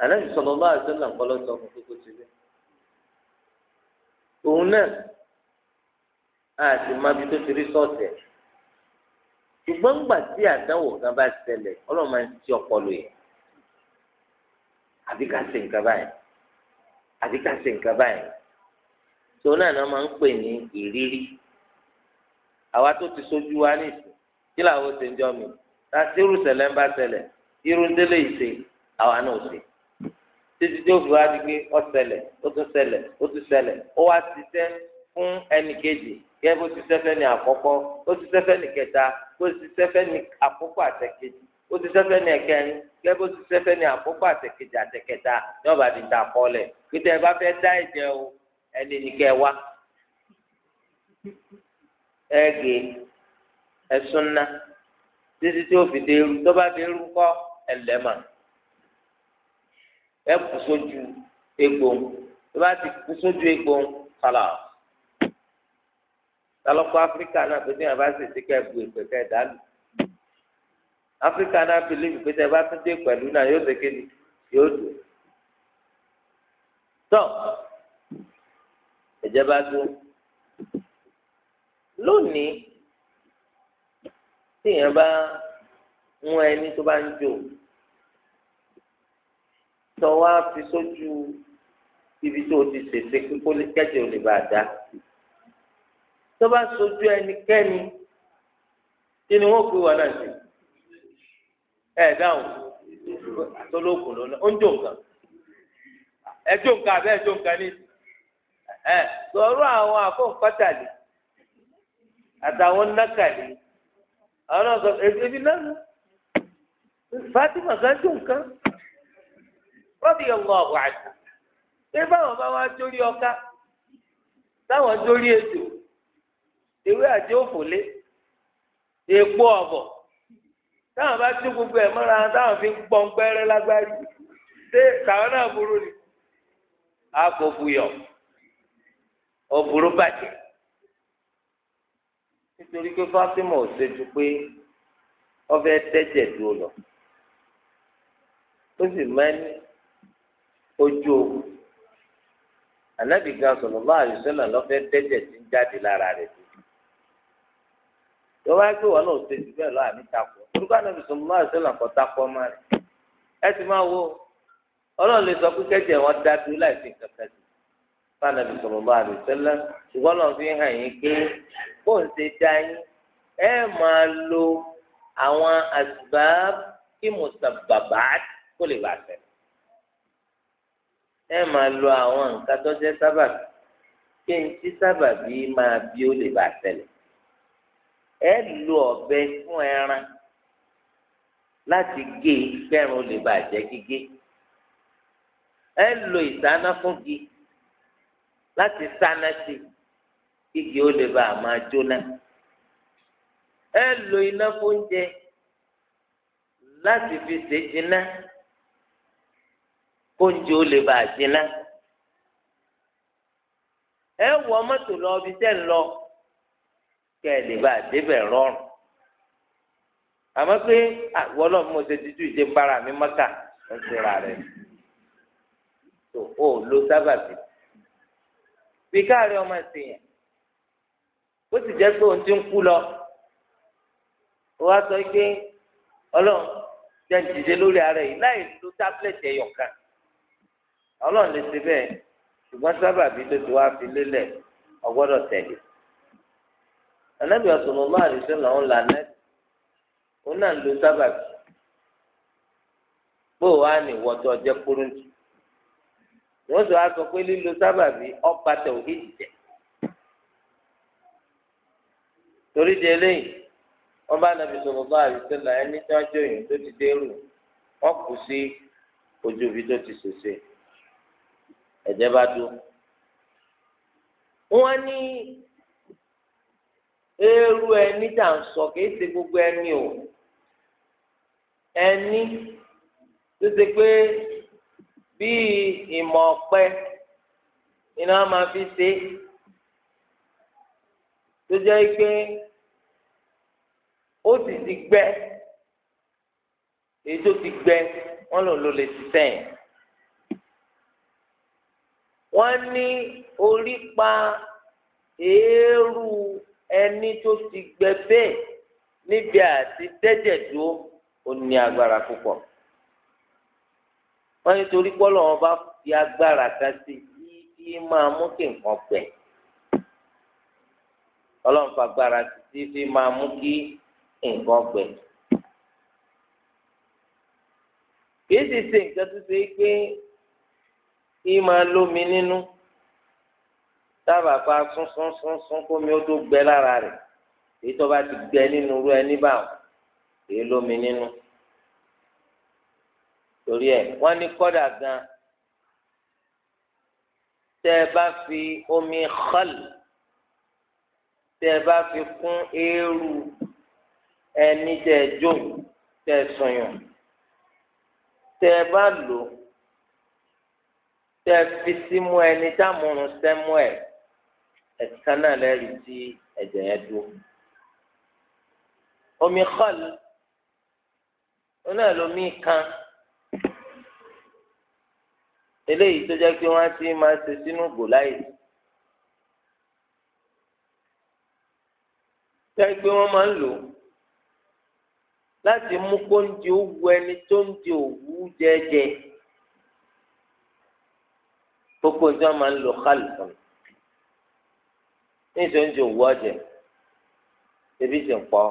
àná bí sọlọlọ àìsílà ń kọlọ sọ fún kókó ti bẹ òun náà àti má bi tó ti rí sọọsẹ ṣùgbọ́n gbà tí àdánwò kan bá ṣẹlẹ̀ ọlọ́run máa ń ti ọpọlọ yẹn. àfi ká ṣe nǹkan báyìí àfi ká ṣe nǹkan báyìí tó náà náà máa ń pè ní ìrírí àwa tó ti sojú wa nísìn kí làwọn ṣe ń jọ mi ta sí irú ṣẹlẹ̀ ń bá ṣẹlẹ̀ irú délé ìṣe àwa náà ṣe títí tó fi wá di pé ó ó tún ó tún ó wá fún ẹnì kejì kẹ bó ṣiṣẹ́ fẹ́ ní àkọ́kọ́ ó ṣiṣẹ́ ní ó ti sẹ́fẹ́ ní ẹ̀kẹrin gẹ́gẹ́ bó ti sẹ́fẹ́ ní àkókò àtẹ̀kẹjà àtẹ̀kẹta ní ọ̀bà ti ta kọ́lẹ̀ pété ẹ bá fẹ́ dá ẹ̀jẹ̀ o ẹni ní kẹ́ wá ẹ gé ẹ súnná títí tí ó fi dé irú tó bá dé irú kọ́ ẹ ẹ kù sójú egbò tó bá ti kù sójú egbò kọ́lá talọ́kọ́ áfíríkà náà pété ẹ bá sì ti kẹ́ bu ìpèkẹ́ dàlù. Africa, náà believe, lébi pé tẹ bá tún dé pẹ̀lú náà yóò ṣe kéde yóò dùn. tọ́ ẹ̀jẹ̀ bá dún lónìí tíyẹn bá ń ẹni tó bá ń jò tọ́ wá fi sójú ibi tó o ti ṣèṣe kíkó kẹ́jọ lè bá dá tó bá sojú ẹnikẹ́ni kí ni wọ́n pè wọ́n náà jù. ẹ dáhùn àtọlóògùn ló ó ń jó nǹkan ẹ jó nǹkan àbẹ ẹ jó nǹkan ní ẹ sọ̀rọ̀ àwọn àfọǹkọtàlì àtàwọn nákàlì àwọn náà sọ ebi náà Fatima kan jó nǹkan rọbì ọgbà ọgbà àti pé báwọn bá wá jórí ọká táwọn jórí ètò ewé àti òfòlé ọbọ. táwọn bá tún gbogbo ẹ̀ mọ́ra táwọn fi ń gbọ́n pẹ́rẹ́ lágbárí ṣé táwọn náà burú ni. a kò buyọ̀ bàjẹ́ nítorí pé Fátímà ò ṣe pé ọ tẹ́jẹ̀ dúró lọ ó sì ojú Anabiga lọfẹ tẹ́jẹ̀ tí ń jáde lára tó gbé wọn náà ṣe lọ àmì takò orúkọ ànábì sọlá àṣẹlá kọta pọ máa rẹ ẹ ti máa wo Ọlọ́run lè sọ pé kẹjẹ wọn dá dúró láìsí kankan sí fànàbì sọlá àṣẹlá ṣùgbọ́n Ọlọ́run fi hàn yín pé bó ń ṣe dá yín ẹ máa lo àwọn àṣìbá kí mùsàbàbà kó lè bàa tẹ ẹ máa lo àwọn nǹkan tó jẹ sábàbí kí n tí sábàbí máa bí ó lè bàa tẹlẹ ẹ lo ọ̀bẹ fún ẹran láti gé kẹrun lè bàjẹ́ gígé ẹ lo ìsáná fún gi láti sáná sí igi ó lè bá a máa jóná ẹ lo iná fún oúnjẹ láti fi ṣe jiná kóúnjẹ ó lè bá jiná ẹ wọ mọ́tò lọ ibi tẹ́ ń lọ kẹ́ lè bá a rọrùn àmọ́ pé àwọn ọlọ́run mo ṣe dídú ìjẹ bára mi mọ́ta ń ṣera rẹ̀ tó o lo sábàbí bí káàárẹ̀ ọmọ ìsìnyẹn ó sì jẹ́ pé òun ti ń kú lọ ó wá sọ pé ọlọ́run jẹ́ ń dìde lórí ara yìí láì lo tábìlẹ̀tì ẹ̀yọ̀ kan lè ṣe bẹ́ẹ̀ ṣùgbọ́n sábàbí ló ti wá fi lélẹ̀ ọgbọ́dọ̀ tẹ̀lé ànábì sallallahu alaihi wasallam làwọn là nẹ́ẹ̀tì. òun náà ń lo sábàbí bó o wá ní ìwọ́jọ́ jẹ́ ọ wọ́n sọ wá torí di eléyìí wọ́n bá nàbì sọ̀rọ̀ bá àbísọ́là ẹni tí tó ti dérú wọ́n kù sí ojú ibi tó ti ṣèṣe ẹ̀jẹ̀ bá Eru ẹni tà ń sọ kìí ṣe gbogbo ẹni o ẹni tó ṣe pé bíi ìmọ̀ ọ̀pẹ iná máa fi ṣe tó jẹ́ pé ó sì ti gbẹ èyí tó ti gbẹ wọ́n lò ló lè ti sẹ́yìn wọ́n ní orí pa eérú ẹni tó ti gbẹ bẹ́ẹ̀ níbi àti tẹ́jẹ̀ dúró ó ní agbára púpọ̀ wọ́n ní torí pọ́lọ́ wọn bá fi agbára kan sí kí máa mú kí nǹkan gbẹ ọlọ́run fagbára títí fi máa mú kí nǹkan gbẹ. kìí sì ṣe nǹkan tó ṣe é pé kí máa lómi nínú sábà pa súnsúnsúnsún kómi ó tó gbẹ lára rẹ̀ èyí tó bá ti gbẹ nínú irú ẹni báwọn èyí lómi nínú torí ẹ̀ wọ́n ní kọ́dà gan tẹ́ ẹ bá fi omi xal tẹ́ ẹ bá fi kún eérú ẹni tẹ́ ẹ jó tẹ́ ẹ sọyàn tẹ́ ẹ bá lò tẹ́ fi símú ẹni tá mòrùn sẹ́mú ẹ̀ ẹ̀ka náà lẹ́rìí tí ẹ̀jẹ̀ yẹn dúró. omi khal onáà lomi kan eléyìí tó jẹ́ pé wọ́n á ti máa ṣe sínú gòláyè. jẹ́ pé wọ́n máa ń lò láti mú kóńdé owó ẹni tó ń di òwú jẹ́jẹ́ kókó tí wọ́n máa ń lò khal níṣẹ́ oúnjẹ òwú ọ̀jẹ̀ ebi ṣe ń pọ̀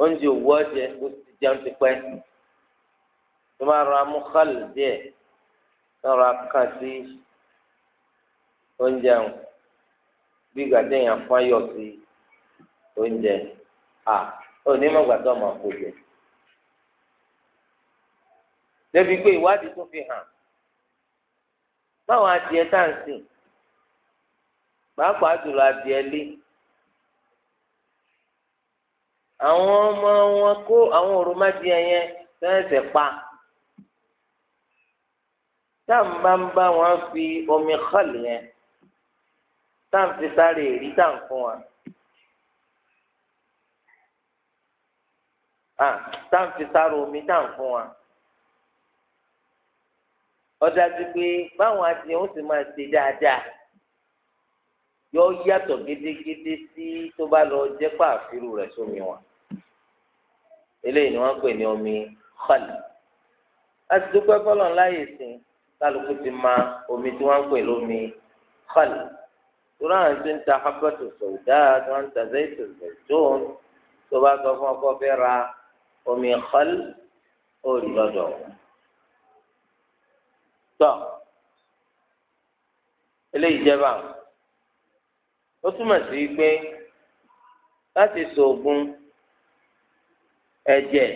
oúnjẹ òwú ọ̀jẹ̀ ó ti jẹun ti pẹ́ tó bá rọra mú kálù díẹ̀ lọ́ra kàn sí oúnjẹ ń bí ìgbà téèyàn fún ayọ̀ sí oúnjẹ à onímọ̀gbà tó máa kó jẹ. débi pé ìwádìí tún fi hàn báwọn adìẹ tá à ń sìn. pàápàá jùlọ adìẹ lé àwọn ọmọ wọn kó àwọn òròmọdìẹ yẹn fẹsẹ pa táǹbà ń bá wọn fi omi xọlì yẹn táǹfi sáré èrí táǹfún wa. táǹfi sáré omi táǹfún wa ọ̀dájú pé báwọn adìẹ ń sì máa ṣe dáadáa yọ yàtọ̀ gédégédé sí tó bá lọ jẹ́ pàfírù rẹ̀ sómi wọn eléyìí ni wọ́n pè ní omi xali láti dúpẹ́ fọlọ́ láyè sí kálukú ti ma omi tí wọ́n pè lómi xali tura àwọn tó ń ta habatu sọ̀dá tó ń ta zaytu zaytun tó bá sọ fún ọkọ fẹ́ ra omi xali ó rí lọ́dọ̀ tọ́ eléyìí jẹ́ báwọn. ó túmọ̀ sí pé láti ṣoògùn ẹ̀jẹ̀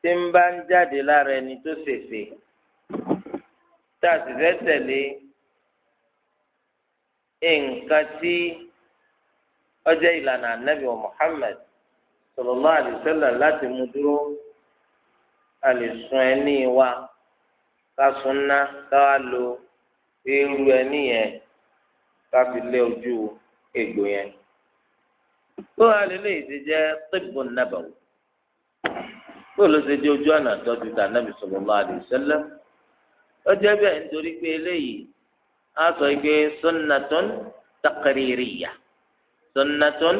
tí ń bá ń jáde lára ẹni tó ṣèṣe tá a sì fẹ́ tẹ̀lé nǹkan tí ọjọ́ ìlànà sallallahu láti mú dúró wa ká ká lo irú ẹni yẹn. káfi lé ojú egbò yẹn tó a lè lè ṣe jẹ tibun nabawi tó ló ṣe jẹ ojú ọ̀nà tọ́jú tà nàbì sallallahu alaihi wasallam ó jẹ́ bẹ́ẹ̀ nítorí pé eléyìí á sọ pé sunnatun taqririyya sunnatun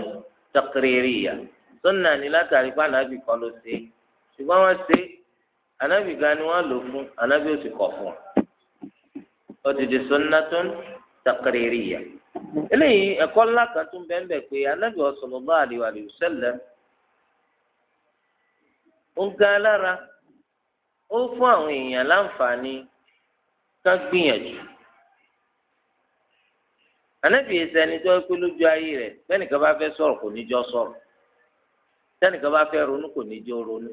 taqririyya sunna ni látàrí pé ànábì kan ló ṣe ṣùgbọ́n wọ́n ṣe ànábì gan ni wọ́n lò fún ànábì ó sì kọ̀ fún ọ ó ti di sunnatun takaririya eléyìí ẹ̀kọ́ ńlá kan tún bẹ́ẹ̀ bẹ́ẹ̀ pé anábì sallallahu alaihi wa sallam ó ga lára ó fún àwọn èèyàn láǹfààní ká gbìyànjú anábì yìí sẹni tó pé lójú ayé rẹ̀ tẹnìkan bá fẹ́ sọ̀rọ̀ kò ní jọ sọ̀rọ̀ tẹnìkan bá fẹ́ ronú kò ní jọ ronú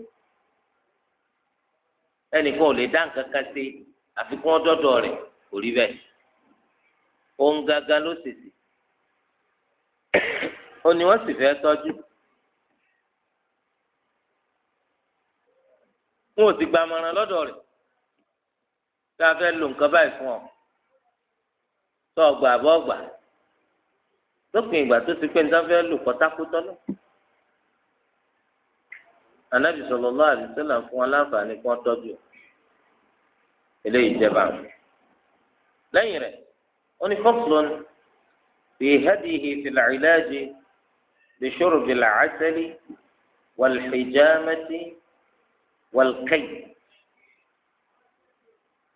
ẹnìkan ò lè dá nǹkan kan ṣe àfikún ọdọdọ rẹ̀ kò rí bẹ́ẹ̀ òun gangan ló ṣèṣì ó ní wọ́n sì fẹ́ tọ́jú wọn ò sì gba àmọ̀ràn lọ́dọ̀ rẹ̀ tá a fẹ́ lo nǹkan báyìí fún ọ tó ọgbà àbọ̀ ọgbà lópin ìgbà tó ti pé níta fẹ́ lò kọ́tákútọ́ lọ. Ànábì sallallahu alaihi wasallam fún aláǹfààní kan tọ́jú eléyìí jẹba lẹ́yìn rẹ̀ wọn ni fọfúlọn fi hadihi fi làcìláàjì bishurbi làcásẹ́lì wàlxijámẹ́tì wàlkẹ́yì.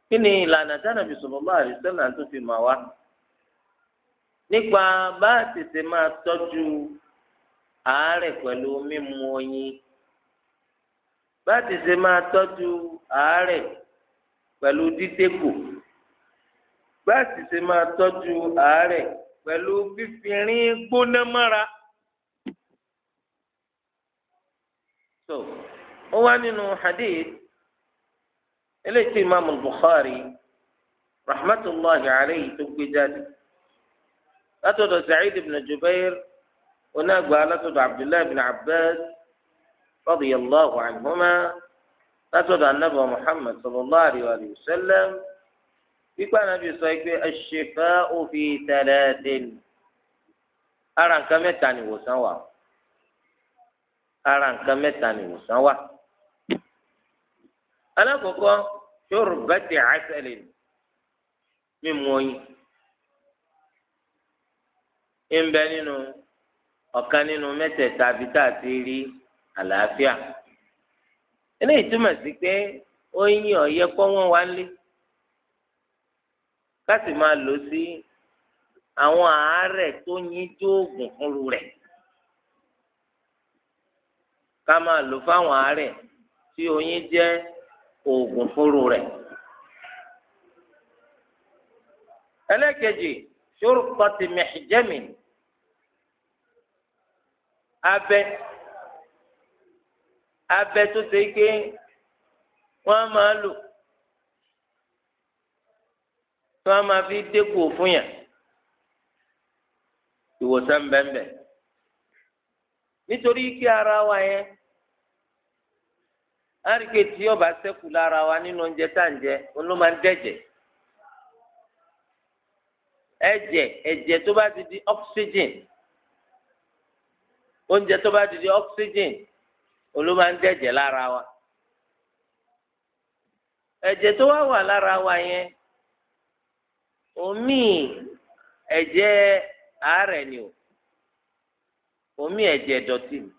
kí ni ìlànà tánàbí sallallahu alaihi wasallam tó fi mà wá nípa bá a tètè máa tọ́jú àárẹ̀ pẹ̀lú mímu oyin bá a tètè máa tọ́jú àárẹ̀ pẹ̀lú dídégò. bá a sì ṣe máa tọ́jú àárẹ̀ pẹ̀lú fífìrín gbóná mọ́ra. so ó wá nínú hadith eléyìí tí imaamu bukhari rahmatulahi alayhi tó gbé jáde látọ̀dọ̀ sa'id ibn jubair onágbà látọ̀dọ̀ abdullahi ibn abbas radiyallahu anhuma látọ̀dọ̀ anabi muhammad sallallahu alayhi wa sallam. pípa nàbì sọ pé ẹ̀ṣẹ̀fẹ́ òfin tẹ̀lé délù ara nǹkan mẹ́ta ni ìwòsàn wà ara nǹkan mẹ́ta ni ìwòsàn wà. alákọ̀ọ́kọ́ ṣòro bẹ́tẹ̀ àṣẹlẹ̀ mímu oyin ń bẹ nínú ọ̀kan nínú mẹ́tẹ̀ẹ̀ta bí tá a ti rí àlàáfíà eléyìí túmọ̀ sí pé oyin ọ̀yẹ́ kọ́ wọ́n wá lé ká sì máa lò sí àwọn àárẹ̀ tó yíjú oògùn fúnru rẹ̀ ká máa lò fáwọn àárẹ̀ tí oyin jẹ́ oògùn fúnru rẹ̀. ẹlẹ́kejì ṣòrùkọ́tì mẹ̀jẹ̀mì abẹ abẹ tó ṣe é pé wọ́n máa lò. tí ma máa fi dẹ́kun òfun yàn ìwòsàn nitori nítorí kí ara wa yẹn tí ọba ṣẹ́kù lára wa nínú oúnjẹ tá ń jẹ ló máa ń ẹ̀jẹ̀ ẹ̀jẹ̀ tó bá di oxygen oúnjẹ tó di oxygen ló máa ń dẹ̀jẹ̀ lára wa ẹ̀jẹ̀ wa yẹn omi ẹ̀jẹ̀ àárẹ̀ ni o omi ẹ̀jẹ̀ dọ̀tí ni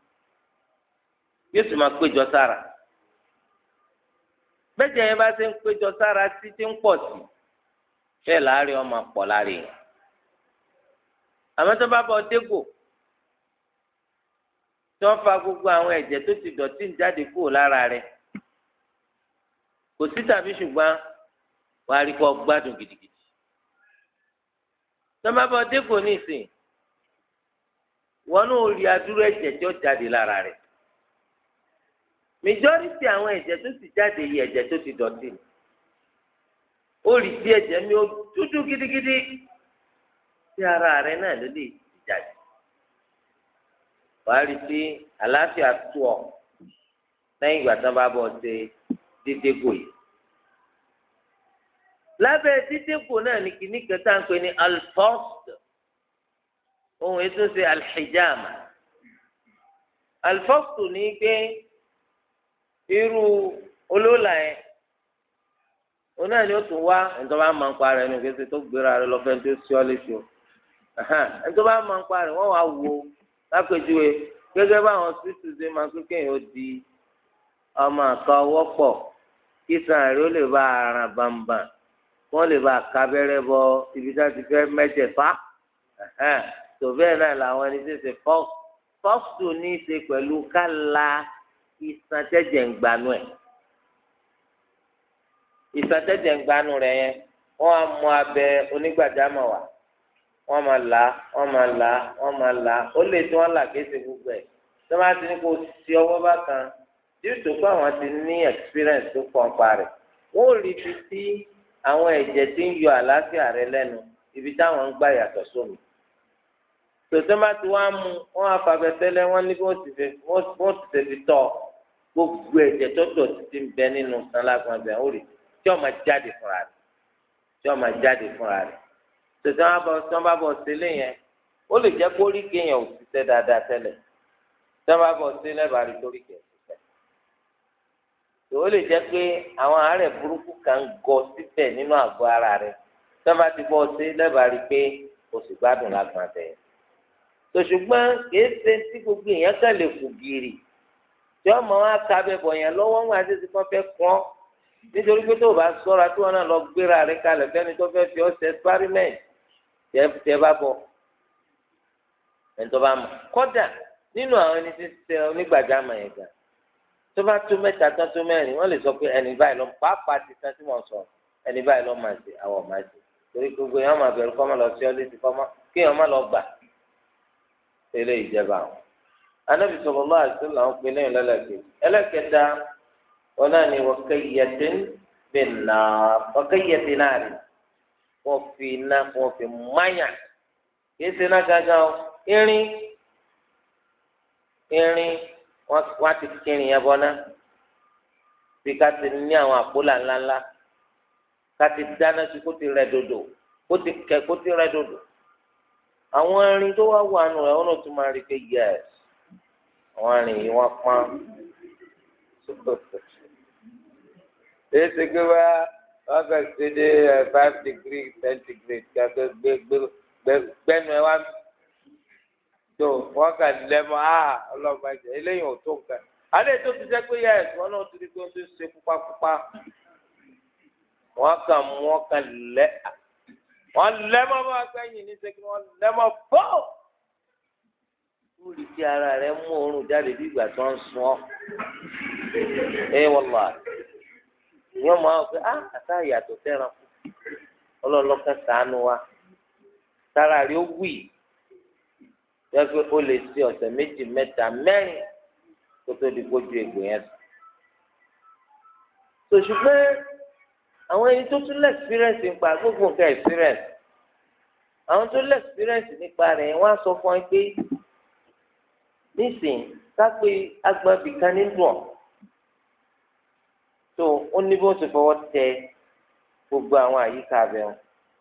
yóò sì máa péjọ sára bẹ́jẹ̀ yẹn bá ti ń péjọ sára sí ti ń pọ̀ sí bẹ́ẹ̀ láàrin ọmọ pọ̀ láàrin yẹn àmọ́ tó bá bọ dégò tó ń fa gbogbo àwọn ẹ̀jẹ̀ tó ti dọ̀tí ń jáde kúrò lára rẹ̀ kò sí tàbí ṣùgbọ́n wàá rí kó gbádùn gidigidi tọ́mọ́bọ̀ dẹ́kun ní ìsìn wọn náà rí adúrú ẹ̀jẹ̀ tí ó jáde lára rẹ̀ majority àwọn ẹ̀jẹ̀ tó ti jáde yìí ẹ̀jẹ̀ tó ti dọ̀tí ó rí sí ẹ̀jẹ̀ mi ó dúdú gidigidi tí ara rẹ̀ náà ló lè jáde wàá rí sí àlàáfíà tó ọ lẹ́yìn ìgbà tán bá bọ̀ ṣe dídégò yìí lábẹ́ dídínkù náà ní kíní kẹta ń pè ní alfọ́st ohun ètò ṣe alhijama alfọ́st ní pé irú olóòlà yẹn òun náà ni ó tún wá ẹ̀ńtọ́ bá máa ń pa ara ẹni gbèsè tó gbéra rẹ lọ́fẹ́ tó sí ọ létí o ẹ̀ńtọ́ bá máa ń pa ara wọ́n wá wo lápèjúwe gẹ́gẹ́ báwọn sísù ṣe máa tún kéèyàn ó di ọmọ àkọ́ ọwọ́ kí sàn rí ó lè bá aràn bàǹbàǹ wọ́n lè bá kábẹ́rẹ́ bọ ibi tá a ti fẹ́ mẹ́jẹ̀fá tó bẹ́ẹ̀ náà làwọn ẹni tẹ̀sẹ̀ fọ́ọ̀k fọ́ọ̀kù ní í ṣe pẹ̀lú kálá ìsàtẹ́jẹ̀ ńgbanú ẹ̀ ìsàtẹ́jẹ̀ ńgbanú rẹ̀ yẹn wọ́n á mú abẹ onígbàjámọ̀ wá wọ́n máa là wọ́n máa là wọ́n máa là ó lè tí wọ́n là kéṣe gbogbo ẹ̀ tó bá ti ní kó ti ọwọ́ bá kan yóò tó kó àwọn ti ní experience tó pọ̀ ń parẹ̀ wọ́n rí ibi tí àwọn ẹ̀jẹ̀ tí ń yọ àlàáfíà rẹ lẹ́nu ibi táwọn ń gbà yàtọ̀ sómi tòtò má ti wá mu wọn afabẹsẹlẹ wọn ní bí wọn ti fẹ́ wọn ti fẹ́ fi tọ gbogbo ẹ̀jẹ̀ tó dọ̀tí ti ń bẹ nínú sàn lágbọn bẹ ó rè tí ọmọ jáde fúnra rẹ̀ tí ọmọ jáde fúnra rẹ̀ tòtò má bọ tí wọn bá bọ sílé yẹn ó lè jẹ́ kó rí ò ti tẹ dáadáa tẹ́lẹ̀ tí wọn bá bọ sílé bá rí torí ó lè jẹ́ pé àwọn àárẹ̀ burúkú kan gọ síbẹ̀ nínú àgọ́ ara rẹ̀ sábà ti bọ́ sí lẹ́bàá rí i pé oṣù gbádùn lágbọ̀n tẹ̀. tòṣùgbọ́n kìí ṣe tí gbogbo èèyàn kàn lè kù gírì tí wọ́n mọ̀ wá ka bẹ̀bọ̀ yẹn lọ́wọ́ wọn àti ti kàn fẹ́ kàn nítorí pé tó o bá sọ́ra tí wọ́n náà lọ gbéra rẹ̀ kalẹ̀ fẹ́ni tó fẹ́ fi ọ́ ṣe experiment tẹ́ bá bọ̀ ẹ̀ńtọ́ bá mọ̀ kọ́dà nínú àwọn ẹni tí ń ṣe onígbàjámọ̀ yẹn gan tó bá tó mẹ́ta tán tó mẹ́rin wọ́n lè sọ pé ẹni báyìí lọ pàápàá ti tán tí wọ́n sọ ẹni báyìí lọ máa ṣe àwọn máa ṣe torí gbogbo yẹn wọ́n máa bẹ̀rù kọ́ máa lọ sí ọ létí kọ́ máa kí yẹn máa lọ gbà tẹ́lẹ̀ ìjẹba àwọn. anábì sọ̀rọ̀ lọ́wọ́ àti làwọn pe lẹ́yìn lẹ́lẹ́kẹ̀ ẹlẹ́kẹta wọn náà ni wọ́n kẹ́ yẹtí bẹ́ẹ̀ náà wọ́n kẹ́ yẹtí náà rè wọ́n fi iná wọ́n fi máyà kì í ṣe iná gángan irin irin wọ́n á ti kírin yẹn bọ́ná bí ká ti ní àwọn àpólà ńláńlá ká ti dáná sí kó ti rẹ dòdò kó ti kẹ kó ti rẹ dòdò àwọn irin tó wá wà nù rẹ wọn ò tún máa rí pé yẹs àwọn irin yìí wọ́n pọ́n èyí ti gbé wá wọ́n fẹ́ẹ́ ṣe dé eh, five degree ten degree gbẹgbẹgbẹgbẹnu ẹ wá mi. tó wọn kà lẹ́mọ̀ ah ọlọ́mọ ẹ̀jẹ̀ eléyìí ò tó nǹkan ti sẹ́pẹ́ yẹ ẹ̀sùn wọn náà ti di pé ó ti ṣe pupapupa wọn kà mú wọn kà wọn lẹ́mọ̀ bá ní sẹ́kì wọn ara rẹ mú oorun jáde bí ìgbà tó ń sun ọ ẹ ìyẹn mọ àwọn pé ah, àtà ìyàtọ̀ fẹ́ràn wa sára rí ó wù pé ó lè ṣe ọ̀sẹ̀ méjì mẹ́ta mẹ́rin kó tó di kójú egbò yẹn sùn. ṣùgbọ́n àwọn ẹni tó tún lẹ́ experience nípa gbogbo nǹkan experience àwọn tó lẹ́ experience nípa rẹ̀ wọ́n á sọ fún ẹ pé nísìnyí sápé agbábì kan ní dùn tó ó ní bí wọ́n ti fọwọ́ tẹ gbogbo àwọn àyíká abẹ́ wọn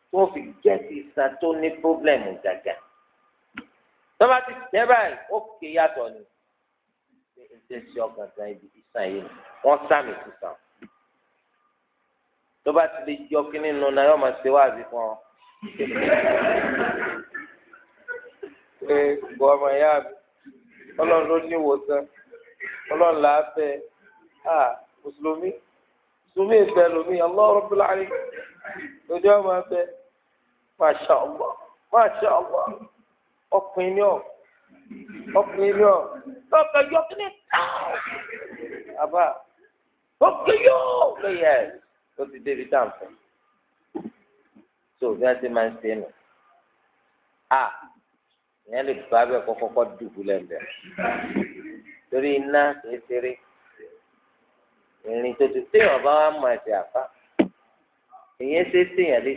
tó wọ́n fi gẹ́ẹ̀tì ìsàn tó ní pọ́blẹ́mù gàgà tọ́ba ti tẹ́ báyìí ó ké yàtọ̀ ni ṣe ṣe ọkàn tán ibi ìsàn yìí wọ́n sàmì sísan tọ́ba ti lè jọ kí nínú náà yóò máa ṣe wáàbí fún ọ. ṣe gbọ́ ọmọ ìyá mi ọlọ́run ló ní ìwòsàn ọlọ́run là á fẹ́ à mùsùlùmí mùsùlùmí ìfẹ́ lómi ọlọ́run bí láàrin lójú ọmọ ẹgbẹ́ máṣá ọgbà máṣá ọgbà ọkùnrin ni ọ ọkùnrin ni ọ lọkọ yọ kí ni táwọn àbá ọkùnrin yóò ló yẹ ló ti débi tá à ń fẹ́ tó bí wọn ti máa ń ṣe nù a ìyẹn lè bá bẹ kọkọkọ dùbú lẹbẹ torí iná kìí ṣeré ìrìn tó ti téèyàn bá mọ ẹsẹ̀ àpá ìyẹn ṣe téèyàn lé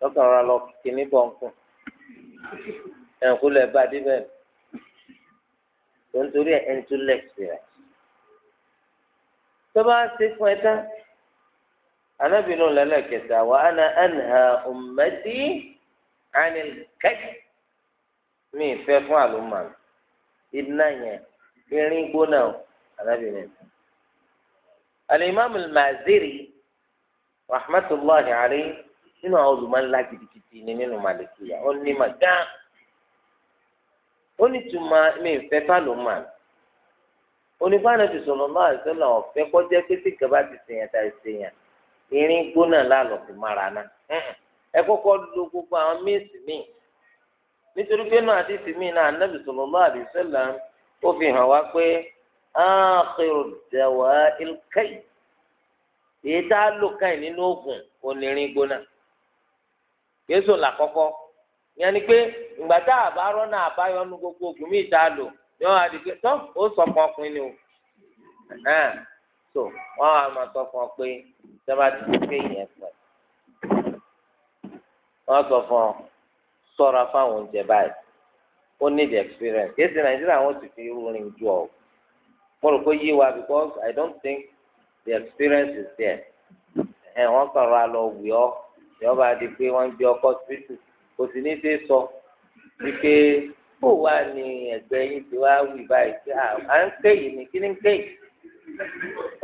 lọkàn rà lọ kìíní bọ̀ ń kùn ẹnkú lẹ bá dé bẹ́ẹ̀ tó ń torí ẹ ẹni tó lẹsẹ rẹ tó bá ṣe fún ẹ tán anábìínú lẹlẹkẹta wà á na ẹnìhà ọmọdé ànilkẹkẹ mi fẹ́ fún àlùmọ iná yẹn irin gbóná anábìínú alimami maziri rahmatulahi alayhi. nínú àwọn olùmọ̀ ńlá gidigidi ni nínú màlìkìyà ó ní mà gán ó ní tuma mi ìfẹ́ fálùmọ̀ onífàànà ti sọ̀rọ̀ náà àìsàn náà ọ̀fẹ́ kọjá ti sèyàn irin gbóná mara náà ẹ kọ́kọ́ lo gbogbo àwọn míìsì míì nítorí pé náà àti náà sọ̀rọ̀ náà ó fi hàn wá a lò nínú kéésù là kọ́kọ́ ìyẹn ni pé ìgbà tá a bá rọ́nà àbáyọ nu gbogbo ògùn mi ìta lò ni wọ́n á ó sọ fún ọkùnrin ni o so wọ́n á máa sọ fún ọ pé sábà ti di pé ìyẹn pẹ̀ wọ́n sọ fún ọ sọ́ra fáwọn oúnjẹ báyìí ó need experience kéésì nàìjíríà wọ́n sì fi orin ju ọ mo rò pé yé wa because I don't think the experience is there ẹ̀ wọ́n sọ̀rọ̀ àlọ́ wì ìyọba di pé wọ́n ń gbé ọkọ síbítù kò sì ní ṣe sọ wípé bó wà ní ẹgbẹ́ yín tí wàá wì báyìí pé à ń kéyìí ni kí ni ń kéyìí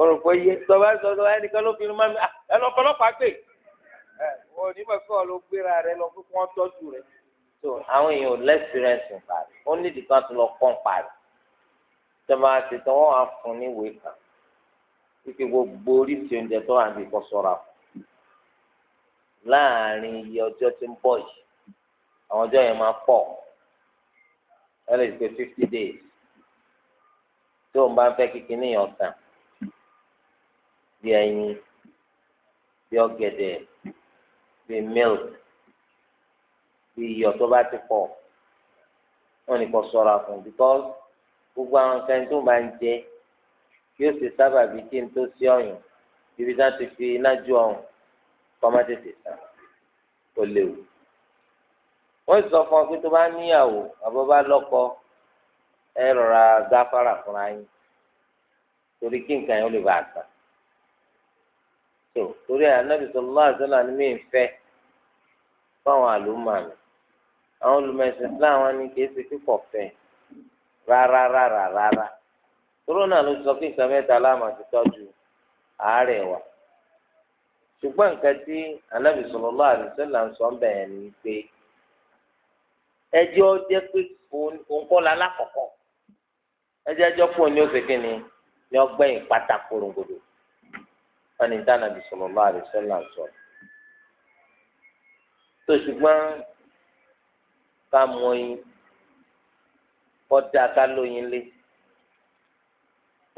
ọ̀rọ̀ pé yé tọ́ba sọ tọ́ba ẹnìkan ló fi máa mi ẹ lọ fọlọ́pàá gbé wọn ò ní mọ̀ kọ́ ló gbéra rẹ lọ fún wọn tọ́jú rẹ. so àwọn èèyàn ò lẹ́sìrẹ́ǹsì ń parí ó ní ìdìkan tó lọ kọ́ ń parí tọ́ba ti tán wọ́n á fún níwèé kan wípé gbogbo oríṣi oúnjẹ tó wà ní ìkọ́sọ́ra fún láàrin iye ọjọ́ tí ń bọ̀ yìí àwọn ọjọ́ yẹn máa pọ̀ ẹ lè pe fifty days tí òun bá ń fẹ́ kíkín ní ọ̀sán bí ẹyin bí ọ̀gẹ̀dẹ̀ bí milk bí iyọ̀ tó bá ti pọ̀ wọn ni kò ṣọ́ra fún because gbogbo àwọn nǹkan tó bá ń jẹ yóò ṣe sábà bíi kí n tó sí ọyàn ibi tá a ti fi iná ju ọrùn kọ́má tètè tán ó léwu. wọ́n sọ fún ọ pé tó bá níyàwó àbọ̀ bá lọ́kọ ẹ rọra gáfárà fúnra yín torí kí nǹkan yẹn ó lè bá a tán. tó torí ànábì sallallahu alaihi wasallam ni mí fẹ́ fáwọn àlùmọ̀ mi àwọn olùmọ̀ẹ̀sìn islam wọn ni kìí ṣe kíkọ̀ fẹ́ rárá rárá rárá. kúrò ló sọ pé nǹkan láàmú àti tọ́jú àárẹ̀ wà ṣùgbọ́n nǹkan tí anábì sallallahu alaihi wasallam ń sọ ń bẹ̀yẹn ni pé ẹjọ́ jẹ́ pé òǹkọ́lá lákọ̀ọ́kọ́ ẹjọ́ ẹjọ́ fún òní oṣù kìíní ni ọgbẹ́yìn pátá korongodo wọn ni dáná bí sallallahu alaihi wasallam ń sọ. tó ṣùgbọ́n ká mú oyin kọ́dá ká lóyin lé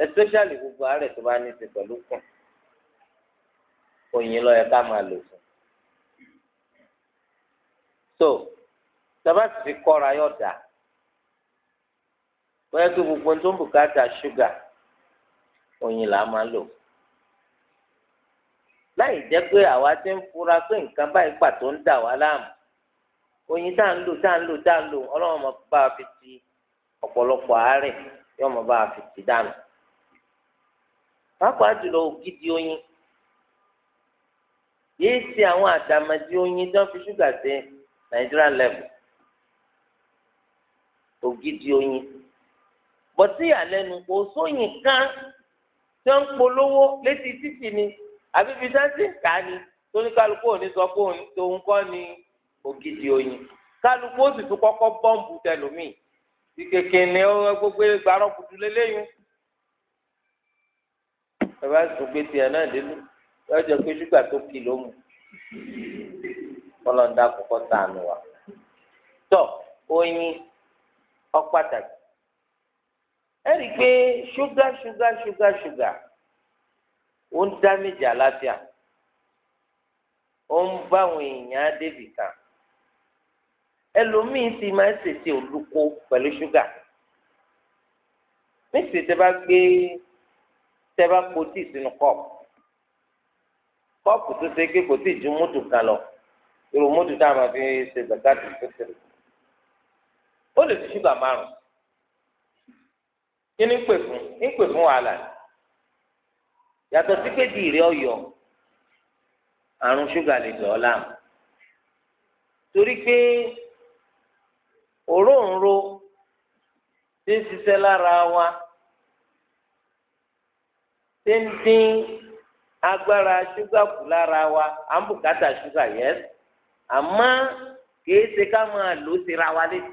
especially gbogbo àárẹ̀ tó bá ní í pẹ̀lú kùn. oyin lọ yẹ ká máa lò fún so tabati fi kọ́ra yóò dà bóyá kí gbogbo tó ń bùkátà ṣúgà oyin là á máa lò láì jẹ́ pé àwa ti ń fura pé nǹkan báyìí pàtó ń dà wá láàmú oyin tá à ń lò tá à ń lò tá à ọmọ bá a fi ti a fi ti yìí ṣe àwọn àdàmàdì oyin tó ń fi ṣúgà ṣe Nàìjíríà level ògidì oyin bọ̀tí ìyàlẹ́nu kò sóyin kan tó ń polówó létí títì ni àbí fi sáńsì kà á ni tóníkàlùkù ò ní sọ pé òun kọ́ ni ògidì oyin kálukú ó sì tún kọ́kọ́ bọ́ǹbù tẹlómìn ti kékeré ní ọwọ́ gbogbo ìgbàrọ̀ kùtù lélẹ́yìn bàbá sùn pé tiẹ̀ náà délé lọ́jọ́ pé ṣúgà tó kì ló mu kọ́lọ́ńdà kọ́kọ́ sànù wa. tọ́ oyin ọ̀pàtàkì ẹ rí i pé ṣúgà ṣúgà ṣúgà ṣúgà ó ń dá méjì àlàáfíà ó ń bá àwọn èèyàn débì kan ẹlòmíín sì máa ń ṣèṣe olùkó pẹ̀lú ṣúgà níṣìṣẹ́ tẹ bá gbé tẹ bá kó tíì sínú kọ́ọ̀pù kọ́ọ̀pù tó ṣe pé kò tí ì ju mútù kan lọ irú mútù tá a máa fi ṣe zakati fífìrì ó lè fi ṣúgà márùn kí ni pè fún ní pè fún wàhálà yàtọ̀ sí pé di ìrẹ́ ọ̀yọ́ àrùn ṣúgà lè dọ̀ ọ́ láàmú torí pé òróǹro ti ń ṣiṣẹ́ lára wa ti ń dín agbára ṣúgà kù lára wa à ń bùkátà ṣúgà yẹn àmọ́ kìí ṣe ká máa lò ó síra wa létí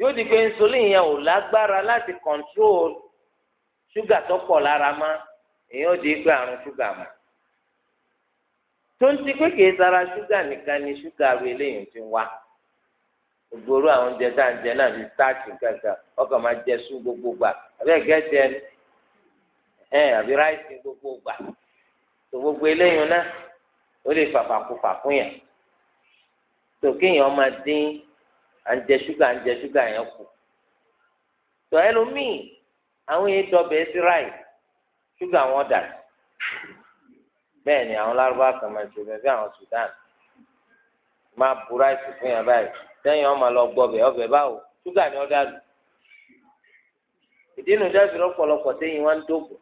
yóò di pé insulin yẹn ò lágbára láti control ṣúgà tó pọ̀ lára má ma di pé àrùn ṣúgà mọ́ tó ń ti pé kìí sara ṣúgà nìkan ni ṣúgà rẹ eléyìí ti wá gbogbo àwọn oúnjẹ tá à ń jẹ náà bíi starch gàgà ọkàn máa jẹ sún gbogbo gbà ẹ àbí ráìsì gbogbo gbà tó gbogbo eléyìí náà ó lè fàfàkùfà fún yàn tó kéèyàn máa dín à ṣúgà à ṣúgà yẹn kù tó ẹlòmíì àwọn yẹn dọbẹ̀ sí ráìsì ṣúgà wọn dà bẹ́ẹ̀ ni àwọn lárúbá kan máa ṣe bí àwọn Sudan máa bu ráìsì fún yàn báyìí ọmọ lọ báwo ṣúgà ni lù ìdí wọn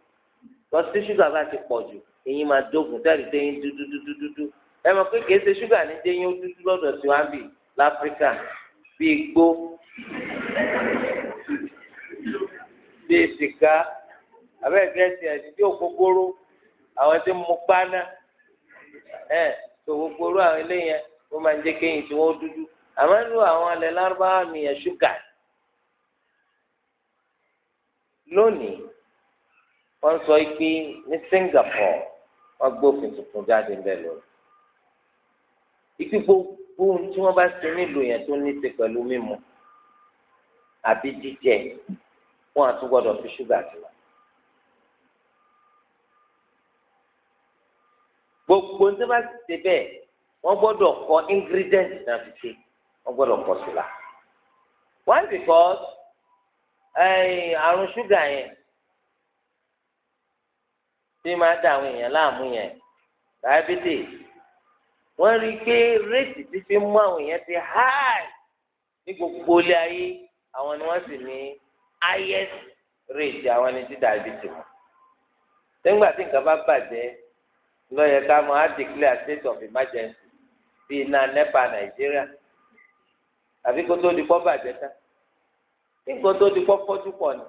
lọ sí ṣúgà bá ti pọ̀ jù eyín máa dógùn tẹ́lẹ̀ déyín dúdú dúdú dúdú ẹ mọ̀ pé kìí ṣe ṣúgà ní déyín ó dúdú lọ́dọ̀ sí wáńbì láfíríkà bíi gbó bíi sìgá abẹ́ẹ̀ gẹ̀ẹ́sì ẹ̀sìn tí ò gbogbooro àwọn tí mo pa ná ẹ̀ tó gbogbooro àwọn eléyẹn ó máa ń jẹ́ kéyìn tí wọ́n dúdú àmọ́ nínú àwọn alẹ́ lárúbáwá nìyẹn ṣúgà lónìí wọ́n sọ pé ní Singapore wọ́n gbófin tuntun jáde ń bẹ̀ lónìí. ikú gbogbo ohun tí wọ́n bá ṣe nílò yẹn tó ní í ṣe pẹ̀lú mímu àbí jíjẹ wọn àtún gbọ́dọ̀ fi ṣúgà sí wa. gbogbo tí wọ́n bá ṣe bẹ́ẹ̀ wọ́n gbọ́dọ̀ kọ ingredient náà fi ṣe wọ́n gbọ́dọ̀ kọ sí la. wọ́n ti kọ́ àrùn ṣúgà yẹn. tí máa dà àwọn èèyàn láàmú yẹn diabetes wọ́n rí i pé réètì tí fi mú àwọn èèyàn ti háì ní gbogbo ilé ayé àwọn ni wọ́n sì ní highest rate àwọn ẹni tí diabetes mọ̀ nígbà tí nǹkan bá bàjẹ́ lọ́yẹ ká mọ̀ á declare state of emergency bí iná nepa nàìjíríà àbí kó tó di bàjẹ́ tán ni torí wọn.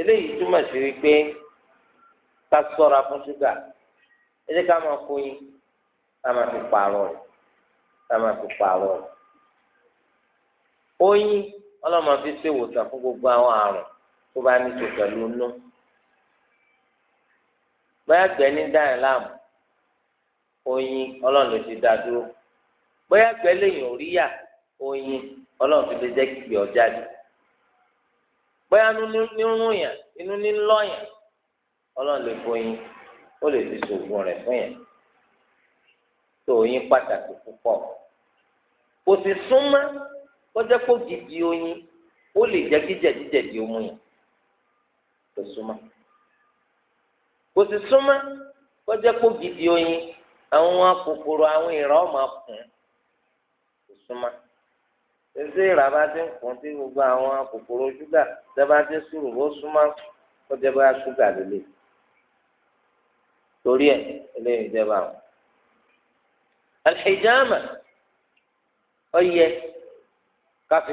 eléyìí túmọ̀ sí wípé ká sọ́ra fún ṣúgà ẹni ká máa kóyin ká máa fi pààrọ̀ rẹ̀ ká máa fi pààrọ̀ rẹ̀ oyin ọlọ́mọ fi ṣe ìwòsàn fún gbogbo àwọn àrùn tó bá ní ṣe pẹ̀lú inú bóyá gbẹ̀ní dáhìn láàmú oyin ọlọ́run ló ti dá dúró bóyá gbẹ̀lẹ́yìn ò rí oyin ọlọ́run ti lè jẹ́ kí gbẹ̀ ọ́ bóyá nínú yàn inú ní lọ yàn ọlọ́run lè bóyin ó lè ti sògùn rẹ̀ fún yàn tó oyin pàtàkì púpọ̀ kò sì súnmọ́ kọjá kó gidi oyin ó lè jẹ́ kí jẹ̀díjẹ̀dí ó mú yàn kò súnmọ́ kò sì súnmọ́ kọjá kó gidi oyin àwọn kòkòrò àwọn ìran ọmọ kùn kò súnmọ́ ṣé ìrà bá ti ń kún tí gbogbo àwọn kòkòrò ṣúgà tẹ bá ti sùúrù ó súnmọ́ ó jẹ bá ṣúgà lélẹ̀ torí ẹ eléyìí jẹ bá wọn. alhijama ọyẹ káfí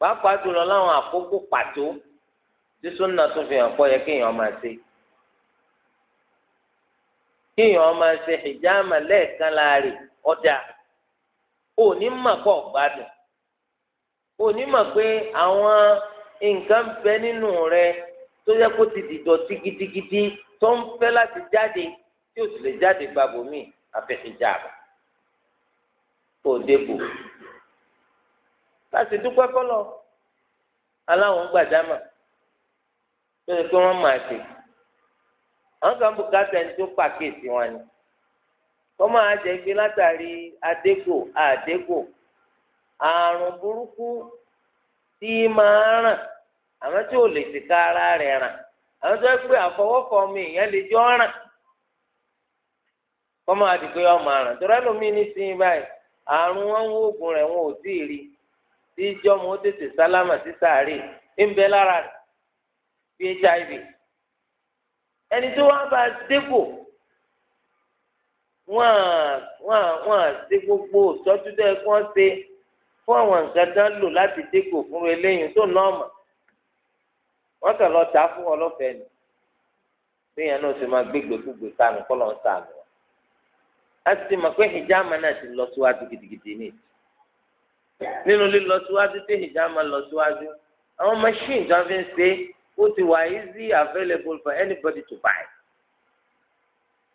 pàápàá jùlọ láwọn àkókò pàtó tí súnà tó fi hàn pọ̀ yẹ kéèyàn máa ṣe kéèyàn máa ṣe hijama lẹ́ẹ̀kan láàrin ọjà òní mọ̀ kọ́ gbádùn òní mọ̀ pé àwọn nǹkan bẹ nínú rẹ tó yẹ kó ti dìjọ tigidigidi tó ń fẹ́ láti jáde tí o sì lè jáde gbàgbọ́ mi àfẹ́fẹ́jà rẹ̀ kó o débò láti dúpẹ́ fọlọ́ aláwọn gbàdámà tó yẹ kí wọ́n máa ṣe àwọn kan bùkátà ẹni tó pàkíyèsí wọn ni. kọ́mọ àjẹ́ pé látàrí adégò àdégò àrùn burúkú tí máa ràn àmọ́ tí ò lè ara rẹ̀ ràn àwọn tó ń pè àfọwọ́fọ ọmọ èèyàn lè jọ ràn kọ́mọ àdìgbò ọmọ àràn tó rẹ́lòmíì nísìnyí báyìí àrùn wọn rẹ̀ wọn ò tí ì rí tí ó tètè sálámà sí sàárè ń bẹ wọ́n wọ́n wọ́n ṣe gbogbo ìtọ́jú tó yẹ kí wọ́n ṣe fún àwọn nǹkan tó ń lò láti dégò fún eléyìí tó ná ọ̀mà wọ́n kàn lọ tà á fún ọlọ́fẹ̀ẹ́ ni bẹ́ẹ̀ náà ṣe máa gbégbé gbogbo sàmì kọ́ lọ́n sàmì wọn. a ti mọ̀ pé hijama náà ti lọ síwájú gidigidi ní nínú lílọ síwájú tí hijama lọ síwájú àwọn machine tó fi ń ṣe ó ti wà easy available for anybody to buy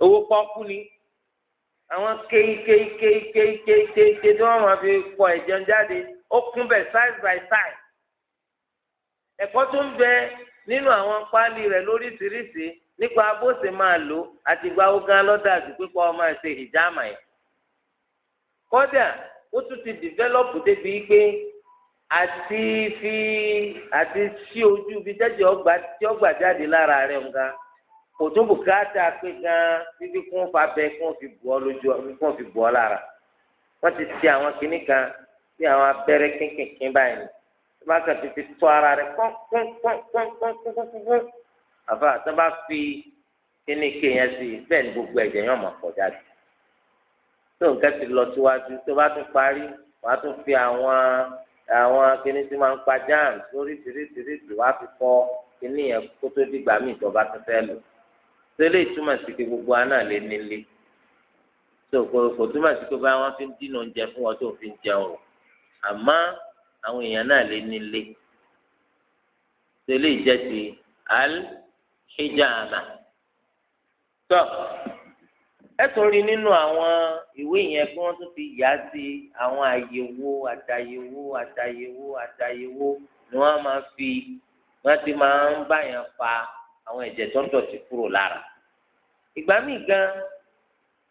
owó pọ́kú ni àwọn kéyíkéyíkéyíkéyíkéyíké tí wọ́n máa fi pọ̀ ẹ̀jẹ̀ jáde ó kún bẹ̀ size by size ẹ̀kọ́ tó ń bẹ nínú àwọn páálí rẹ̀ lóríṣiríṣi nípa bó ṣe máa lò àti ìgbà wo gan lọ́dà àti pípa ọmọ ẹ̀ṣẹ̀ ìjàmà yẹn. kódà ó tún ti dìvẹ́lọ́pù débi pé àti fi àti sí ojú ibi jẹ́jẹ́ ọgbà jáde lára rẹ̀ nǹkan kò tún bùkátà pé gan bíbí kún fa bẹ kún fi bù ọ lójú kún fi bù ọ lára wọ́n ti ti àwọn kinní kan bí àwọn abẹ́rẹ́ kínkìnkín báyìí tó bá kàn ti fi tọ́ ara rẹ̀ kọ́ńkọ́ńkọ́ńkọ́ńkọ́ńkọ́ńkọ́ àbá tó bá fi kíní kéèyàn sí i bẹ́ẹ̀ ni gbogbo ẹ̀jẹ̀ yẹn máa pọ̀ jáde tó nǹkan ti lọ síwájú tó bá tún parí wàá tún fi àwọn àwọn kíní tí máa ń pa jáàmù lóríṣiríṣiríṣi wàá fi fọ kíní yẹn kó dìgbà míì tó bá tún fẹ́ lò tẹ́lẹ̀ túmọ̀ sí pé gbogbo aná lè nílé tó kò túmọ̀ sí pé bá wọn fi ń dínà oúnjẹ fún wọn tó fi ń jẹun o àmọ́ àwọn èèyàn náà lè nílé tẹ́lẹ̀ jẹ́ ti al-hijama tó ẹ tún rí nínú àwọn ìwé yẹn pé wọ́n tún fi yá sí àwọn àyẹ̀wò àtàyẹ̀wò àtàyẹ̀wò àtàyẹ̀wò ni wọ́n máa fi wọ́n ti máa ń báyàn fa àwọn ẹ̀jẹ̀ tó ń dọ̀tí kúrò lára ìgbà míì gan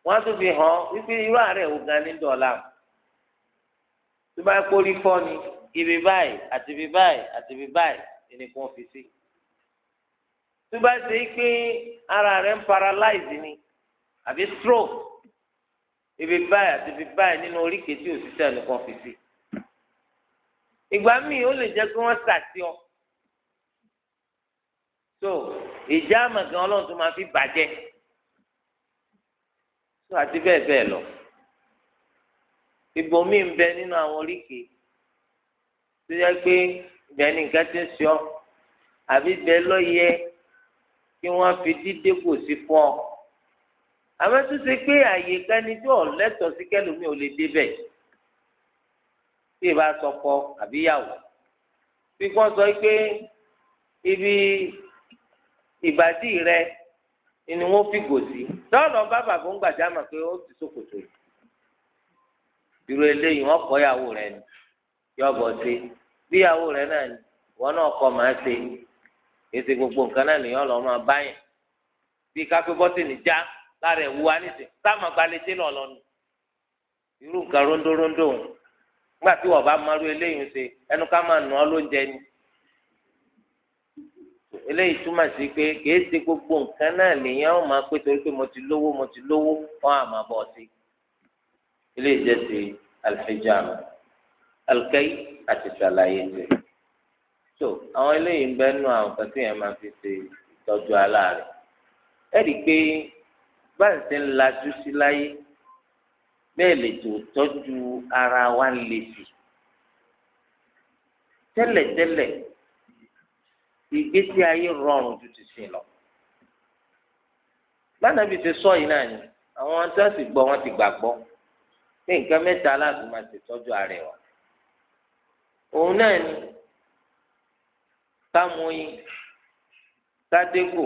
wọn á tún fi hàn wípé irú àárẹ̀ wo gan ní dọ̀la tó bá kórí fọ́ ni ibi báyìí àti ibi báyìí àti ibi báyìí ẹni kò fi sí tó bá ṣe pé ara rẹ̀ ń paralyze ni àbí stroke ibi báyìí àti ibi báyìí nínú oríkèé tí òṣìṣẹ́ ẹni kò fi sí ìgbà míì ó lè jẹ́ pé wọ́n ṣàti ọ so ìjà àmàgàn ọlọ́run tó máa fi bàjẹ́ tó àti bẹ́ẹ̀ bẹ́ẹ̀ lọ ibòmíì ń bẹ nínú àwọn oríkèé tó yẹ pé ibẹ̀ ni nǹkan ti ń sọ àbí bẹ́ẹ̀ lọ yẹ kí wọ́n fi dídé kò sí fún ọ àmọ́ tó ṣe pé àyè kanijọ́ lẹ́tọ̀ọ́ sí kẹlòmíì ò lè débẹ̀ tí ì sọkọ àbíyàwó bí wọ́n sọ pé ibi ìbàdí rẹ ni wọ́n fi gò tọ́lọ̀ bá bàbá ń gbàjá mà pé ó ti sókòtò yìí irú eléyìí rẹ ni yọbọ bí ìyàwó rẹ náà ni náà kọ máa ṣe èsì gbogbo nǹkan náà nìyẹn lọ máa báyìí bí káfí bọ́tìnì já lára ẹ̀wù wa níṣẹ́ ni irú nǹkan eléyìí túmọ̀ sí pé kìí ṣe gbogbo nǹkan náà lèèyàn ó máa pé torí pé mo ti lówó mo ti lówó wọn á máa bọ̀ sí eléyìí jẹ́ ti alhijama alkayi àti sàlàyé ti so àwọn eléyìí ń bẹ́ẹ̀ nù àwọn kan tí yẹn máa fi ṣe ìtọ́jú aláàrẹ̀ ẹ̀rí pé báyìí ti ń lajú sí láyé bẹ́ẹ̀ lè tó tọ́jú ara wa ń le sí tẹ́lẹ̀tẹ́lẹ̀ ìgbésí ayé rọrùn ju ti sìn lọ bánàbí ti sọ yìí náà ni àwọn tó sì gbọ́ wọn ti gbàgbọ́ pé nǹkan mẹ́ta láti máa ṣètọ́jú àrẹwà òun náà ni kámọyìn kádégò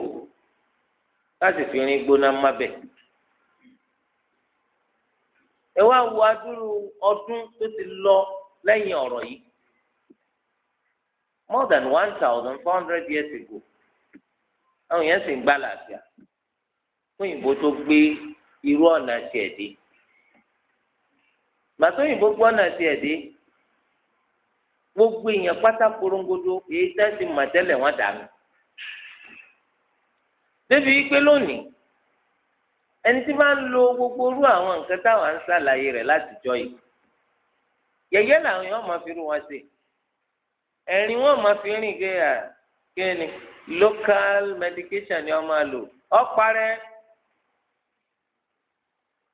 láti fi rin gbóná mábẹ ẹ wá wo adúrú ọdún tó ti lọ lẹ́yìn ọ̀rọ̀ yìí more than one thousand four hundred years ago àwọn yẹn sì ń gbá làbíà fún òyìnbó tó gbé irú ọ̀nà tiẹ̀ dé màtó ọ̀nà dé gbogbo èèyàn pátá korongodo èyí tẹ́sí màtẹ́lẹ̀ wọn dànù débi lónìí ẹni tí máa ń lo gbogbo irú àwọn nǹkan táwọn ń ṣàlàyé rẹ̀ látijọ́ yìí yẹ̀yẹ́ làwọn èèyàn máa fi rú wọn ẹ̀rín wọn máa fi rìn gé à kí ni local medication ni wọ́n máa lò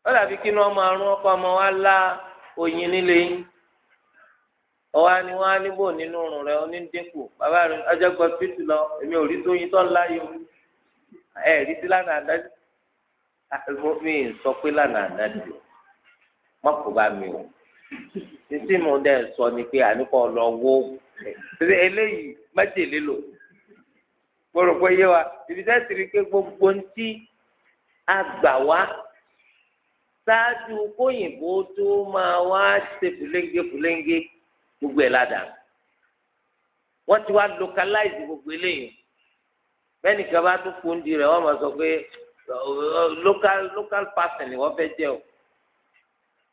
ó dàbí kí ni wọ́n máa ọkọ ọmọ wa la oyin nílé yín ni wọn á níbò nínú ọrùn rẹ onídínkù bàbá rẹ ọjọ́ gbọ́ títù lọ èmi ò rí tóyin tó o ẹ rí sí lánàá mi sọ pé lánàá o títí mo sọ ni pé lọ ṣe eléyìí májèlé lò gbọ́dọ̀gbọ́ yé wa ibi tá a ti rí i pé gbogbo ń tí a gbà wá ṣáájú kóyìnbó tó máa wá ṣe fúlẹ́ńgé fúlẹ́ńgé gbogbo ẹ̀ ládàá wọ́n ti wá localize gbogbo eléyìí bẹ́ẹ̀ni kan bá tún kún di rẹ̀ wọ́n máa sọ pé local local person ni wọ́n fẹ́ jẹ́ o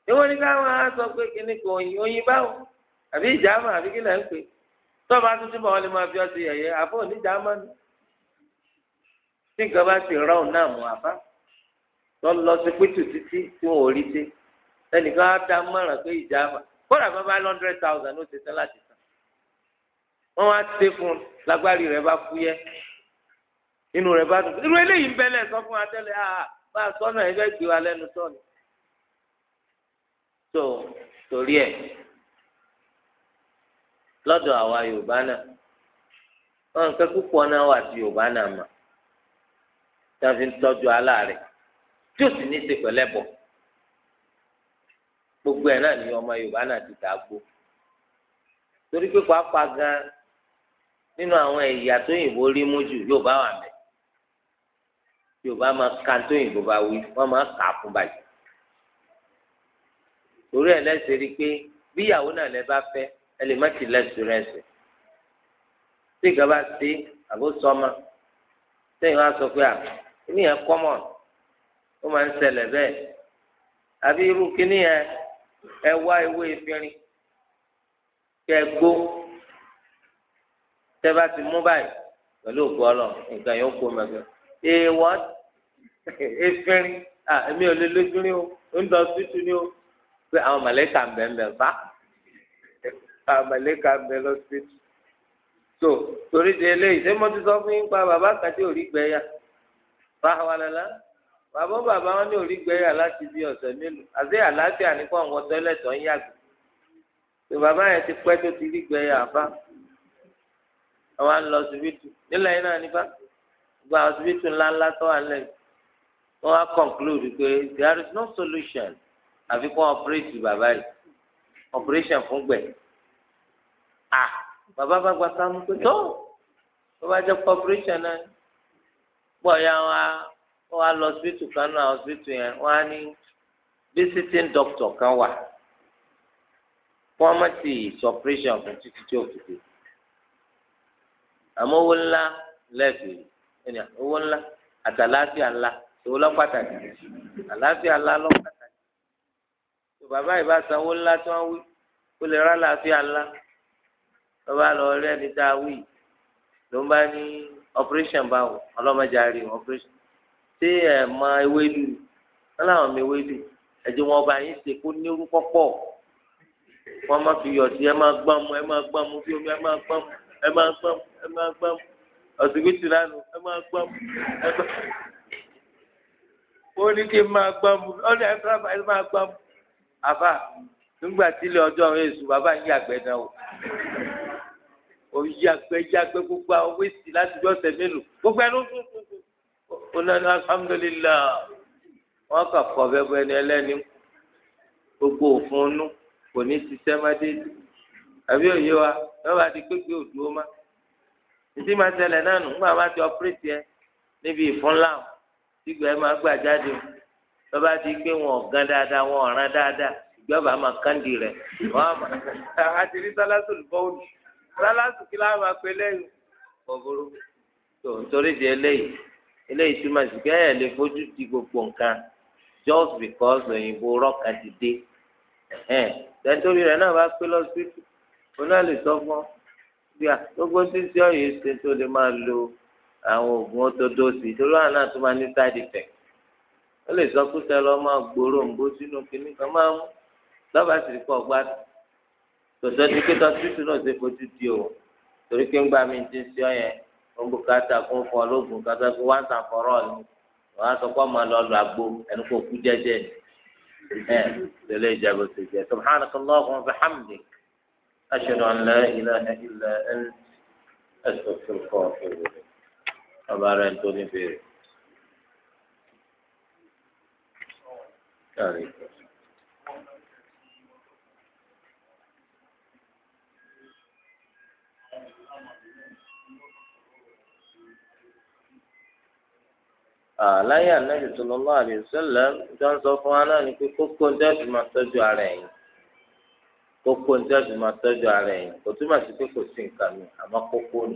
ìwọ ni káwọn á sọ pé kíní kan òyìnbá o àbí ìjàmà àbí kí náà ń pè é tó bá tún túbọ̀ wọn lè máa fi ọtí yẹ̀yẹ́ àbọ̀ oníjà máa ní. tí nǹkan bá ti rán òun náà mú àbá lọ lọ sí pétù títí tí wọn ò rí sí ẹnìkan á dá mọ̀ràn pé ìjà àbá kódà bá bá hundred thousand ó ti tán láti tán. wọ́n wá ṣe fún un lágbárí rẹ̀ bá fúyẹ́ inú rẹ̀ bá dùn irú eléyìí ń bẹ́lẹ̀ sọ fún atẹ́lẹ̀ àà bá a sọ náà ẹgbẹ́ gbé wa lẹ́nu sọ́ọ̀nù. tó torí ẹ̀ lọ́dọ̀ àwa yorùbá náà wọn nǹkan púpọ̀ náà wà tí yorùbá náà mà tí wọn fi ń tọ́jú aláàrẹ̀ tí ó sì ní í ṣe pẹ̀lẹ́bọ̀ gbogbo ẹ̀ náà ni ọmọ yorùbá náà ti dàgbò torí pé pàápàá gan nínú àwọn ẹ̀yà tó yìnbó rí mú jù yorùbá wà mẹ́ yorùbá máa ka tó yìnbó bá wí wọ́n máa kà á fún báyìí torí ẹ̀ lẹ́sẹ̀ rí i pé bíyàwó náà lẹ bá fẹ́ ẹ lè má ti lẹ́sùn rẹ̀ sí tí ìjọba sí àbó sọmọ sẹ́yìn wá sọ pé à kíní yẹn kọ́mọ̀ ó máa ń ṣẹlẹ̀ bẹ́ẹ̀ àbí irú kíní yẹn ẹ wá ewé ìfirin kẹ gbó tẹ bá ti mú báyìí pẹ̀lú òkú ọlọ nǹkan yẹn ó kó mẹ́gbẹ́ èèwọ̀ ìfirin à èmi ò lè lójú ní o ń lọ sí tu ní o pé àwọn mọ̀lẹ́kà ń bẹ̀ ń bẹ̀ bá àmàlẹ́kà bẹ lọ́sítẹ́tù tó torí di eléyìí ṣé mo ti sọ fún yín pa bàbá kàdé òrí gbẹ́yà fáwọn alẹ́lá bàbá bàbá wọn ní òrí gbẹ́yà láti bí ọ̀sẹ̀ mélòó àti àlàáfíà nípa àwọn tọ́lẹ̀tọ̀ ń yàgbẹ́ tó bàbá yẹn ti pẹ́ tó ti rí gbẹ́yà bá àwọn à ń lọ síbítù nílẹ̀ yìí náà nípa gba ọsibítù ńláńlá tó wà lẹ́yìn wọ́n wá conclude pé there is no solution àfi kó operate bàbá yìí operation fún gbẹ̀yìn à bàbá bá gba sáà mú pé tó bàbá jẹ́ corporation náà pọ̀ ya wa wọ́n á lọ hospital kan náà hospital yẹn wọ́n á ní visiting doctor kan wà wọ́n má ti sọpírẹ́sìn fún títí tí ó fi dé àmọ́ owó ńlá lẹ́ẹ̀fì ẹni owó ńlá àti àlàáfíà ńlá owó lọ́pàtàkì àlàáfíà ńlá lọ́pàtàkì tó bàbá yìí bá sanwó ńlá tí wọ́n wí ó lè rà àlàáfíà ńlá lọ́ba lọ rí ẹni tá a wí ló ń bá ní operation báwo ọlọ́mọdé àárí operation ṣé ẹ̀ mọ ewédú wọn làwọn mọ ewédú ẹ̀jẹ̀ wọn ọba yín ṣe kó nírú pọ́pọ́ wọn má fi yọ̀ sí ẹ má gbọ́n mu ẹ má gbọ́n mu bí omi ẹ má gbọ́n mu ẹ má gbọ́n mu ẹ má gbọ́n mu ọ̀sibítù lánàá ẹ máa gbọ́ mu ẹ bá ó ní kí n máa gbọ́ mu ọ̀nà ẹ fẹ́ ẹ máa gbọ́ mu àbá nígbà tí ilé ọjọ́ àwọn èso bàbá yìí àgbẹ̀ náà wò yàgbẹ́ yàgbẹ́ gbogbo àwọn wíìsì láti jọ ọ̀sẹ̀ mélòó gbogbo ẹnu tuntun onáni alhamdulillah wọn kà kọ bẹbẹ ni ẹlẹni gbogbo òfin nú kò ní ṣiṣẹ́ má déédéé àbí òye wa lọ́wọ́ àti pépé òdúró má títí máa ṣẹlẹ̀ náà nù nígbà máa ti ọpírẹ́tì ẹ níbi ìfúnlá ìgbà ẹ máa gbà jáde lọ́wọ́ àti pé wọn ò gan dáadáa wọn ò rán dáadáa ìgbà bàá máa kándì rẹ̀ wọ́n á máa àti rí sálásùn bọ́ọ̀lù lálásùkí láwọn máa pe lẹ́yìn kọ̀ọ̀bùrú. tó nítorí di eléyìí eléyìí túmọ̀ sí pé ẹ̀ lè fojú di gbogbo nǹkan just because òyìnbó rọ́ọ̀kà ti dé tẹ̀ntorí rẹ̀ náà bá pé lọ́sítì oná lè sọ fún bí a ah, gbogbo títí ọ̀yẹ́ ṣe tó lè máa lo àwọn oògùn ọtọdọsì torí àwọn náà tó máa ní side effect ó lè sọ pé sẹ́lọ́ máa gbòòrò ń bó sínú kinní kan máa mú lọ́ba sì kọ́ gbádùn tòṣẹ́tì kíta tútù náà ṣe fojú di o torí pé ńgbà mi ti ń ṣe ọ yẹn wọn bó káta kó fọ lóògùn káta kó wá sàn fọrọ ni wọn á sọ pé ọmọ lọ lọ àgbo ẹni kó kú jẹ́jẹ́ ẹ tẹ́lẹ̀ ìjàgbọ tó jẹ subhanakallahu wa bihamdik ashhadu an la ilaha illa ant astaghfiruka wa ọba rẹ tó ní bèrè. àláyé ànábì sallallahu alaihi wasallam tó ń sọ fún wa náà ni pé kókó ń tẹ́sí máa tọ́jú ara ẹ̀yìn kókó ń tẹ́sí máa tọ́jú ara ẹ̀yìn kò túmọ̀ sí pé kò sí nǹkan mi àmọ́ kókó ni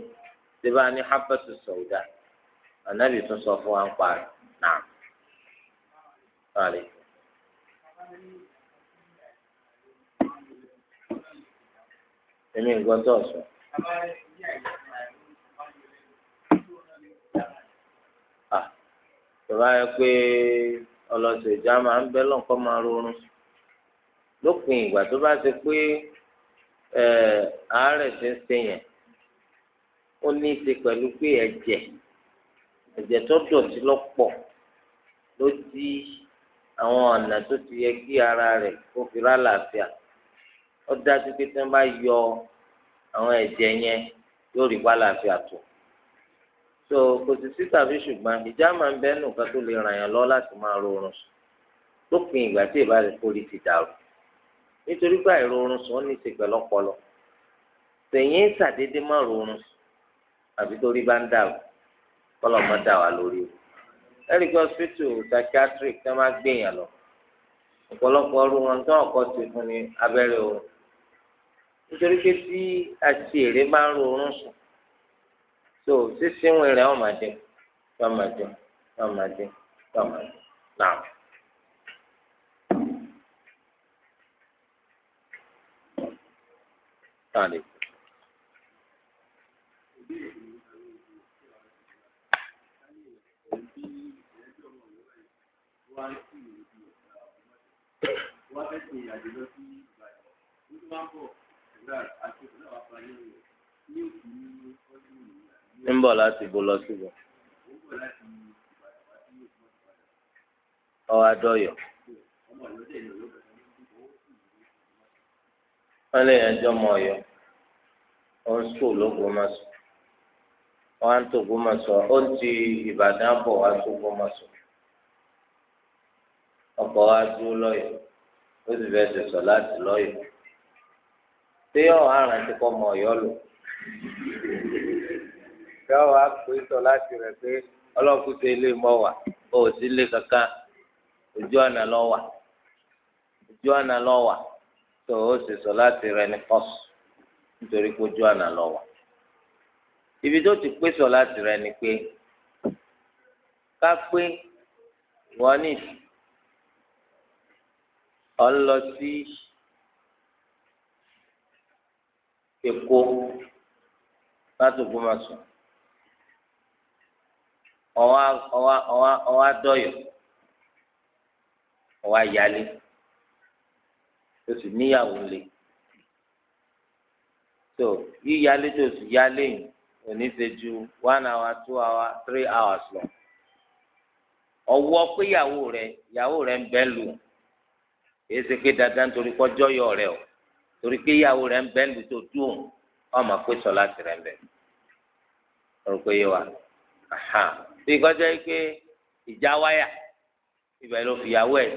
tí bá ní habatu sauda ànábì tó sọ fún wa ń parí náà. èmi ń gbọ́ tó sọ. tọ́ba yẹ pé ọlọ́sẹ̀ ìjà máa ń bẹ́ lọ́nkọ́ máa rọrùn lópin ìgbà tó bá ti pé àárẹ̀ ti ń ṣe yẹn ó ní í ṣe pẹ̀lú pé ẹ̀jẹ̀ ẹ̀jẹ̀ tó dọ̀tí lọ́pọ̀ ló di àwọn ọ̀nà tó ti yẹ kí ara rẹ̀ kó fi rálàáfíà ó dájú pé tí wọ́n bá yọ àwọn ẹ̀jẹ̀ yẹn yóò rí wálàáfíà tó. So kò sì sí tàbí ṣùgbọ́n ìjà máa ń bẹ́ẹ̀ nù ká tó lè ràn yàn lọ láti máa rọrùn sùn lópin ìgbà tí ìbá rẹ̀ forí ti dàrú nítorí pé àìrọrùn sùn ó ní í ṣe pẹ̀lú ọpọlọ tèyí ń ṣàdédé má rọrùn sùn àbí torí bá ń dàrú kọ́lọ̀ mọ́ dà wá lórí o ẹ̀ríkì hospital psychiatric tẹ́ máa gbé lọ ọ̀pọ̀lọpọ̀ ọrú wọn tó ọkọ̀ ti fún ni abẹ́rẹ́ oorun nítorí pé tí àṣìṣe èrè máa ń rọrùn sùn tó sísínwìn rẹ̀ wọ́n máa dín wọ́n máa dín wọ́n máa dín wọ́n náà. Thank you. Thank ń bọ̀ láti ibo lọ síbò ọ adọ́yọ̀ wọ́n lè yẹn jọmọ ọ̀yọ́ ó ń sùn lógbómọ̀ṣọ́ wọ́n á ń tó gbómọ̀ṣọ́ ó ń ti Ìbàdàn bọ̀ wá tó gbómọ̀ṣọ́ ọkọ̀ wa dúró lọ́yọ̀ ó sì fẹ́ sẹ̀sọ̀ láti lọ́yọ̀ tí yọ̀ àrùn àti kọ́ ọmọ ọ̀yọ́ lò yọ wá pé sọ láti rẹ̀ pé ọlọ́kùn ilé mọ́ wà ó sì lé kankan ojú ọ̀nà lọ wà ojú ọ̀nà lọ wà tó o sì sọ láti rẹ̀ ní kọ́sù nítorí pé ojú ọ̀nà lọ wà ibi tó ti pé sọ láti rẹ̀ ni pé ká pé wọ́n ní ọ ń lọ sí Èkó láti Ògbómọ̀ṣọ́ ọwá ọwá ọwá ọwá dọyọ ọwá yálé o sì níyàwó lé tó yíyálé tó sì yálé yìí òní ṣe ju one hour two hour three hours lọ ọwọ́ pé ìyàwó rẹ ìyàwó rẹ ń bẹ lù èyí ṣe pé dandan torí kọjọ yọ rẹ o torí pé ìyàwó rẹ ń bẹ lù tó dùn ọmọ pé sọlá ti ń bẹ. Rò pé yé wa bí kọjá yìí pé ìjà wáyà ibẹ̀ ló fi yàwó ẹ̀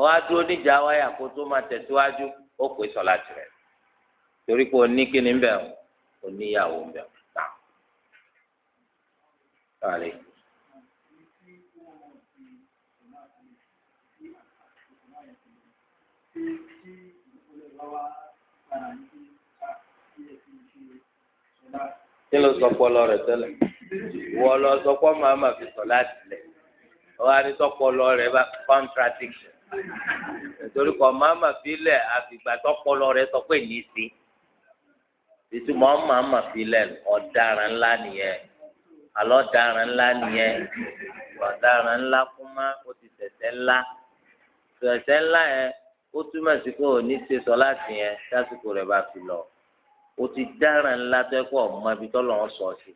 wọ́n á dúró níjà wáyà kó tó máa tẹ̀síwájú ó pè sọ̀lá tirẹ̀ torí pé òní kíni bẹ̀ ò níyàwó bẹ̀ náà. kí ló sọ pé ọlọ́rẹ̀ tẹ́lẹ̀ wọ́n lọ sọ pé ọmọ àmà fi sọ láti lẹ̀ wọ́n á ní tọ́pọ̀lọ rẹ̀ bá contradiction nítorí kọ́ ọmọ àmà fi lẹ̀ àfìgbà tọ́pọ̀lọ rẹ̀ sọ pé ní í sí ìtumọ̀ ọmọ àmà fi lẹ̀ ọ̀daràn ńlá nìyẹn àlọ́ ọ̀daràn ńlá nìyẹn ọ̀daràn ńlá kún mọ́ ó ti ṣẹ̀ṣẹ̀ ńlá ṣẹ̀ṣẹ̀ ńlá yẹn ó túmọ̀ sí pé òní ṣe sọ láti yẹn sásìkò rẹ̀ bá fi lọ ó ti dáràn ńlá tó ọmọ ibi tọ́lọ́ wọn sọ sí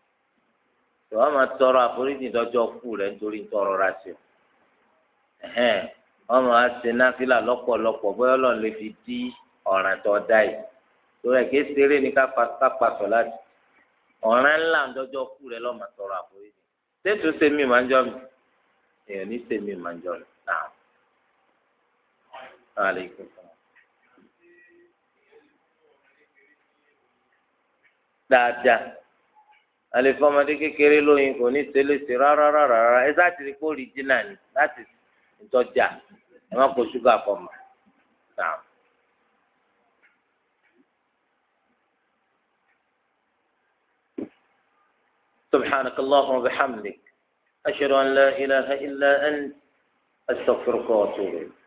tọ́wọ́ máa tọrọ àforíjì dọ́jọ́ kú rẹ̀ nítorí tọrọ ra sí o ẹ̀hẹ́n wọ́n máa ṣe náfìlà lọ́pọ̀lọpọ̀ bóyá ọlọ́run lè fi dí ọ̀ràn tó dá yìí torí ẹ̀ kí sèré ní kápá sọ láti ọ̀ràn ńlá dọ́jọ́ kú rẹ̀ lọ́mọ tọrọ àforíjì tètù sèmi máa ń jọ mi èèyàn ní sèmi máa ń jọ mi náà. dáadáa. àlefọ́ ọmọdé kékeré lóyún kò ní tẹ́lẹ̀sì rárá rárá ẹ sáàtì rí kó rí jìnnà ni láti ìtọ́jà ẹ má kó ṣúgà pọ̀ mọ́. سبحانك اللهم وبحمدك أشهد أن لا إله إلا أنت أستغفرك وأتوب إليك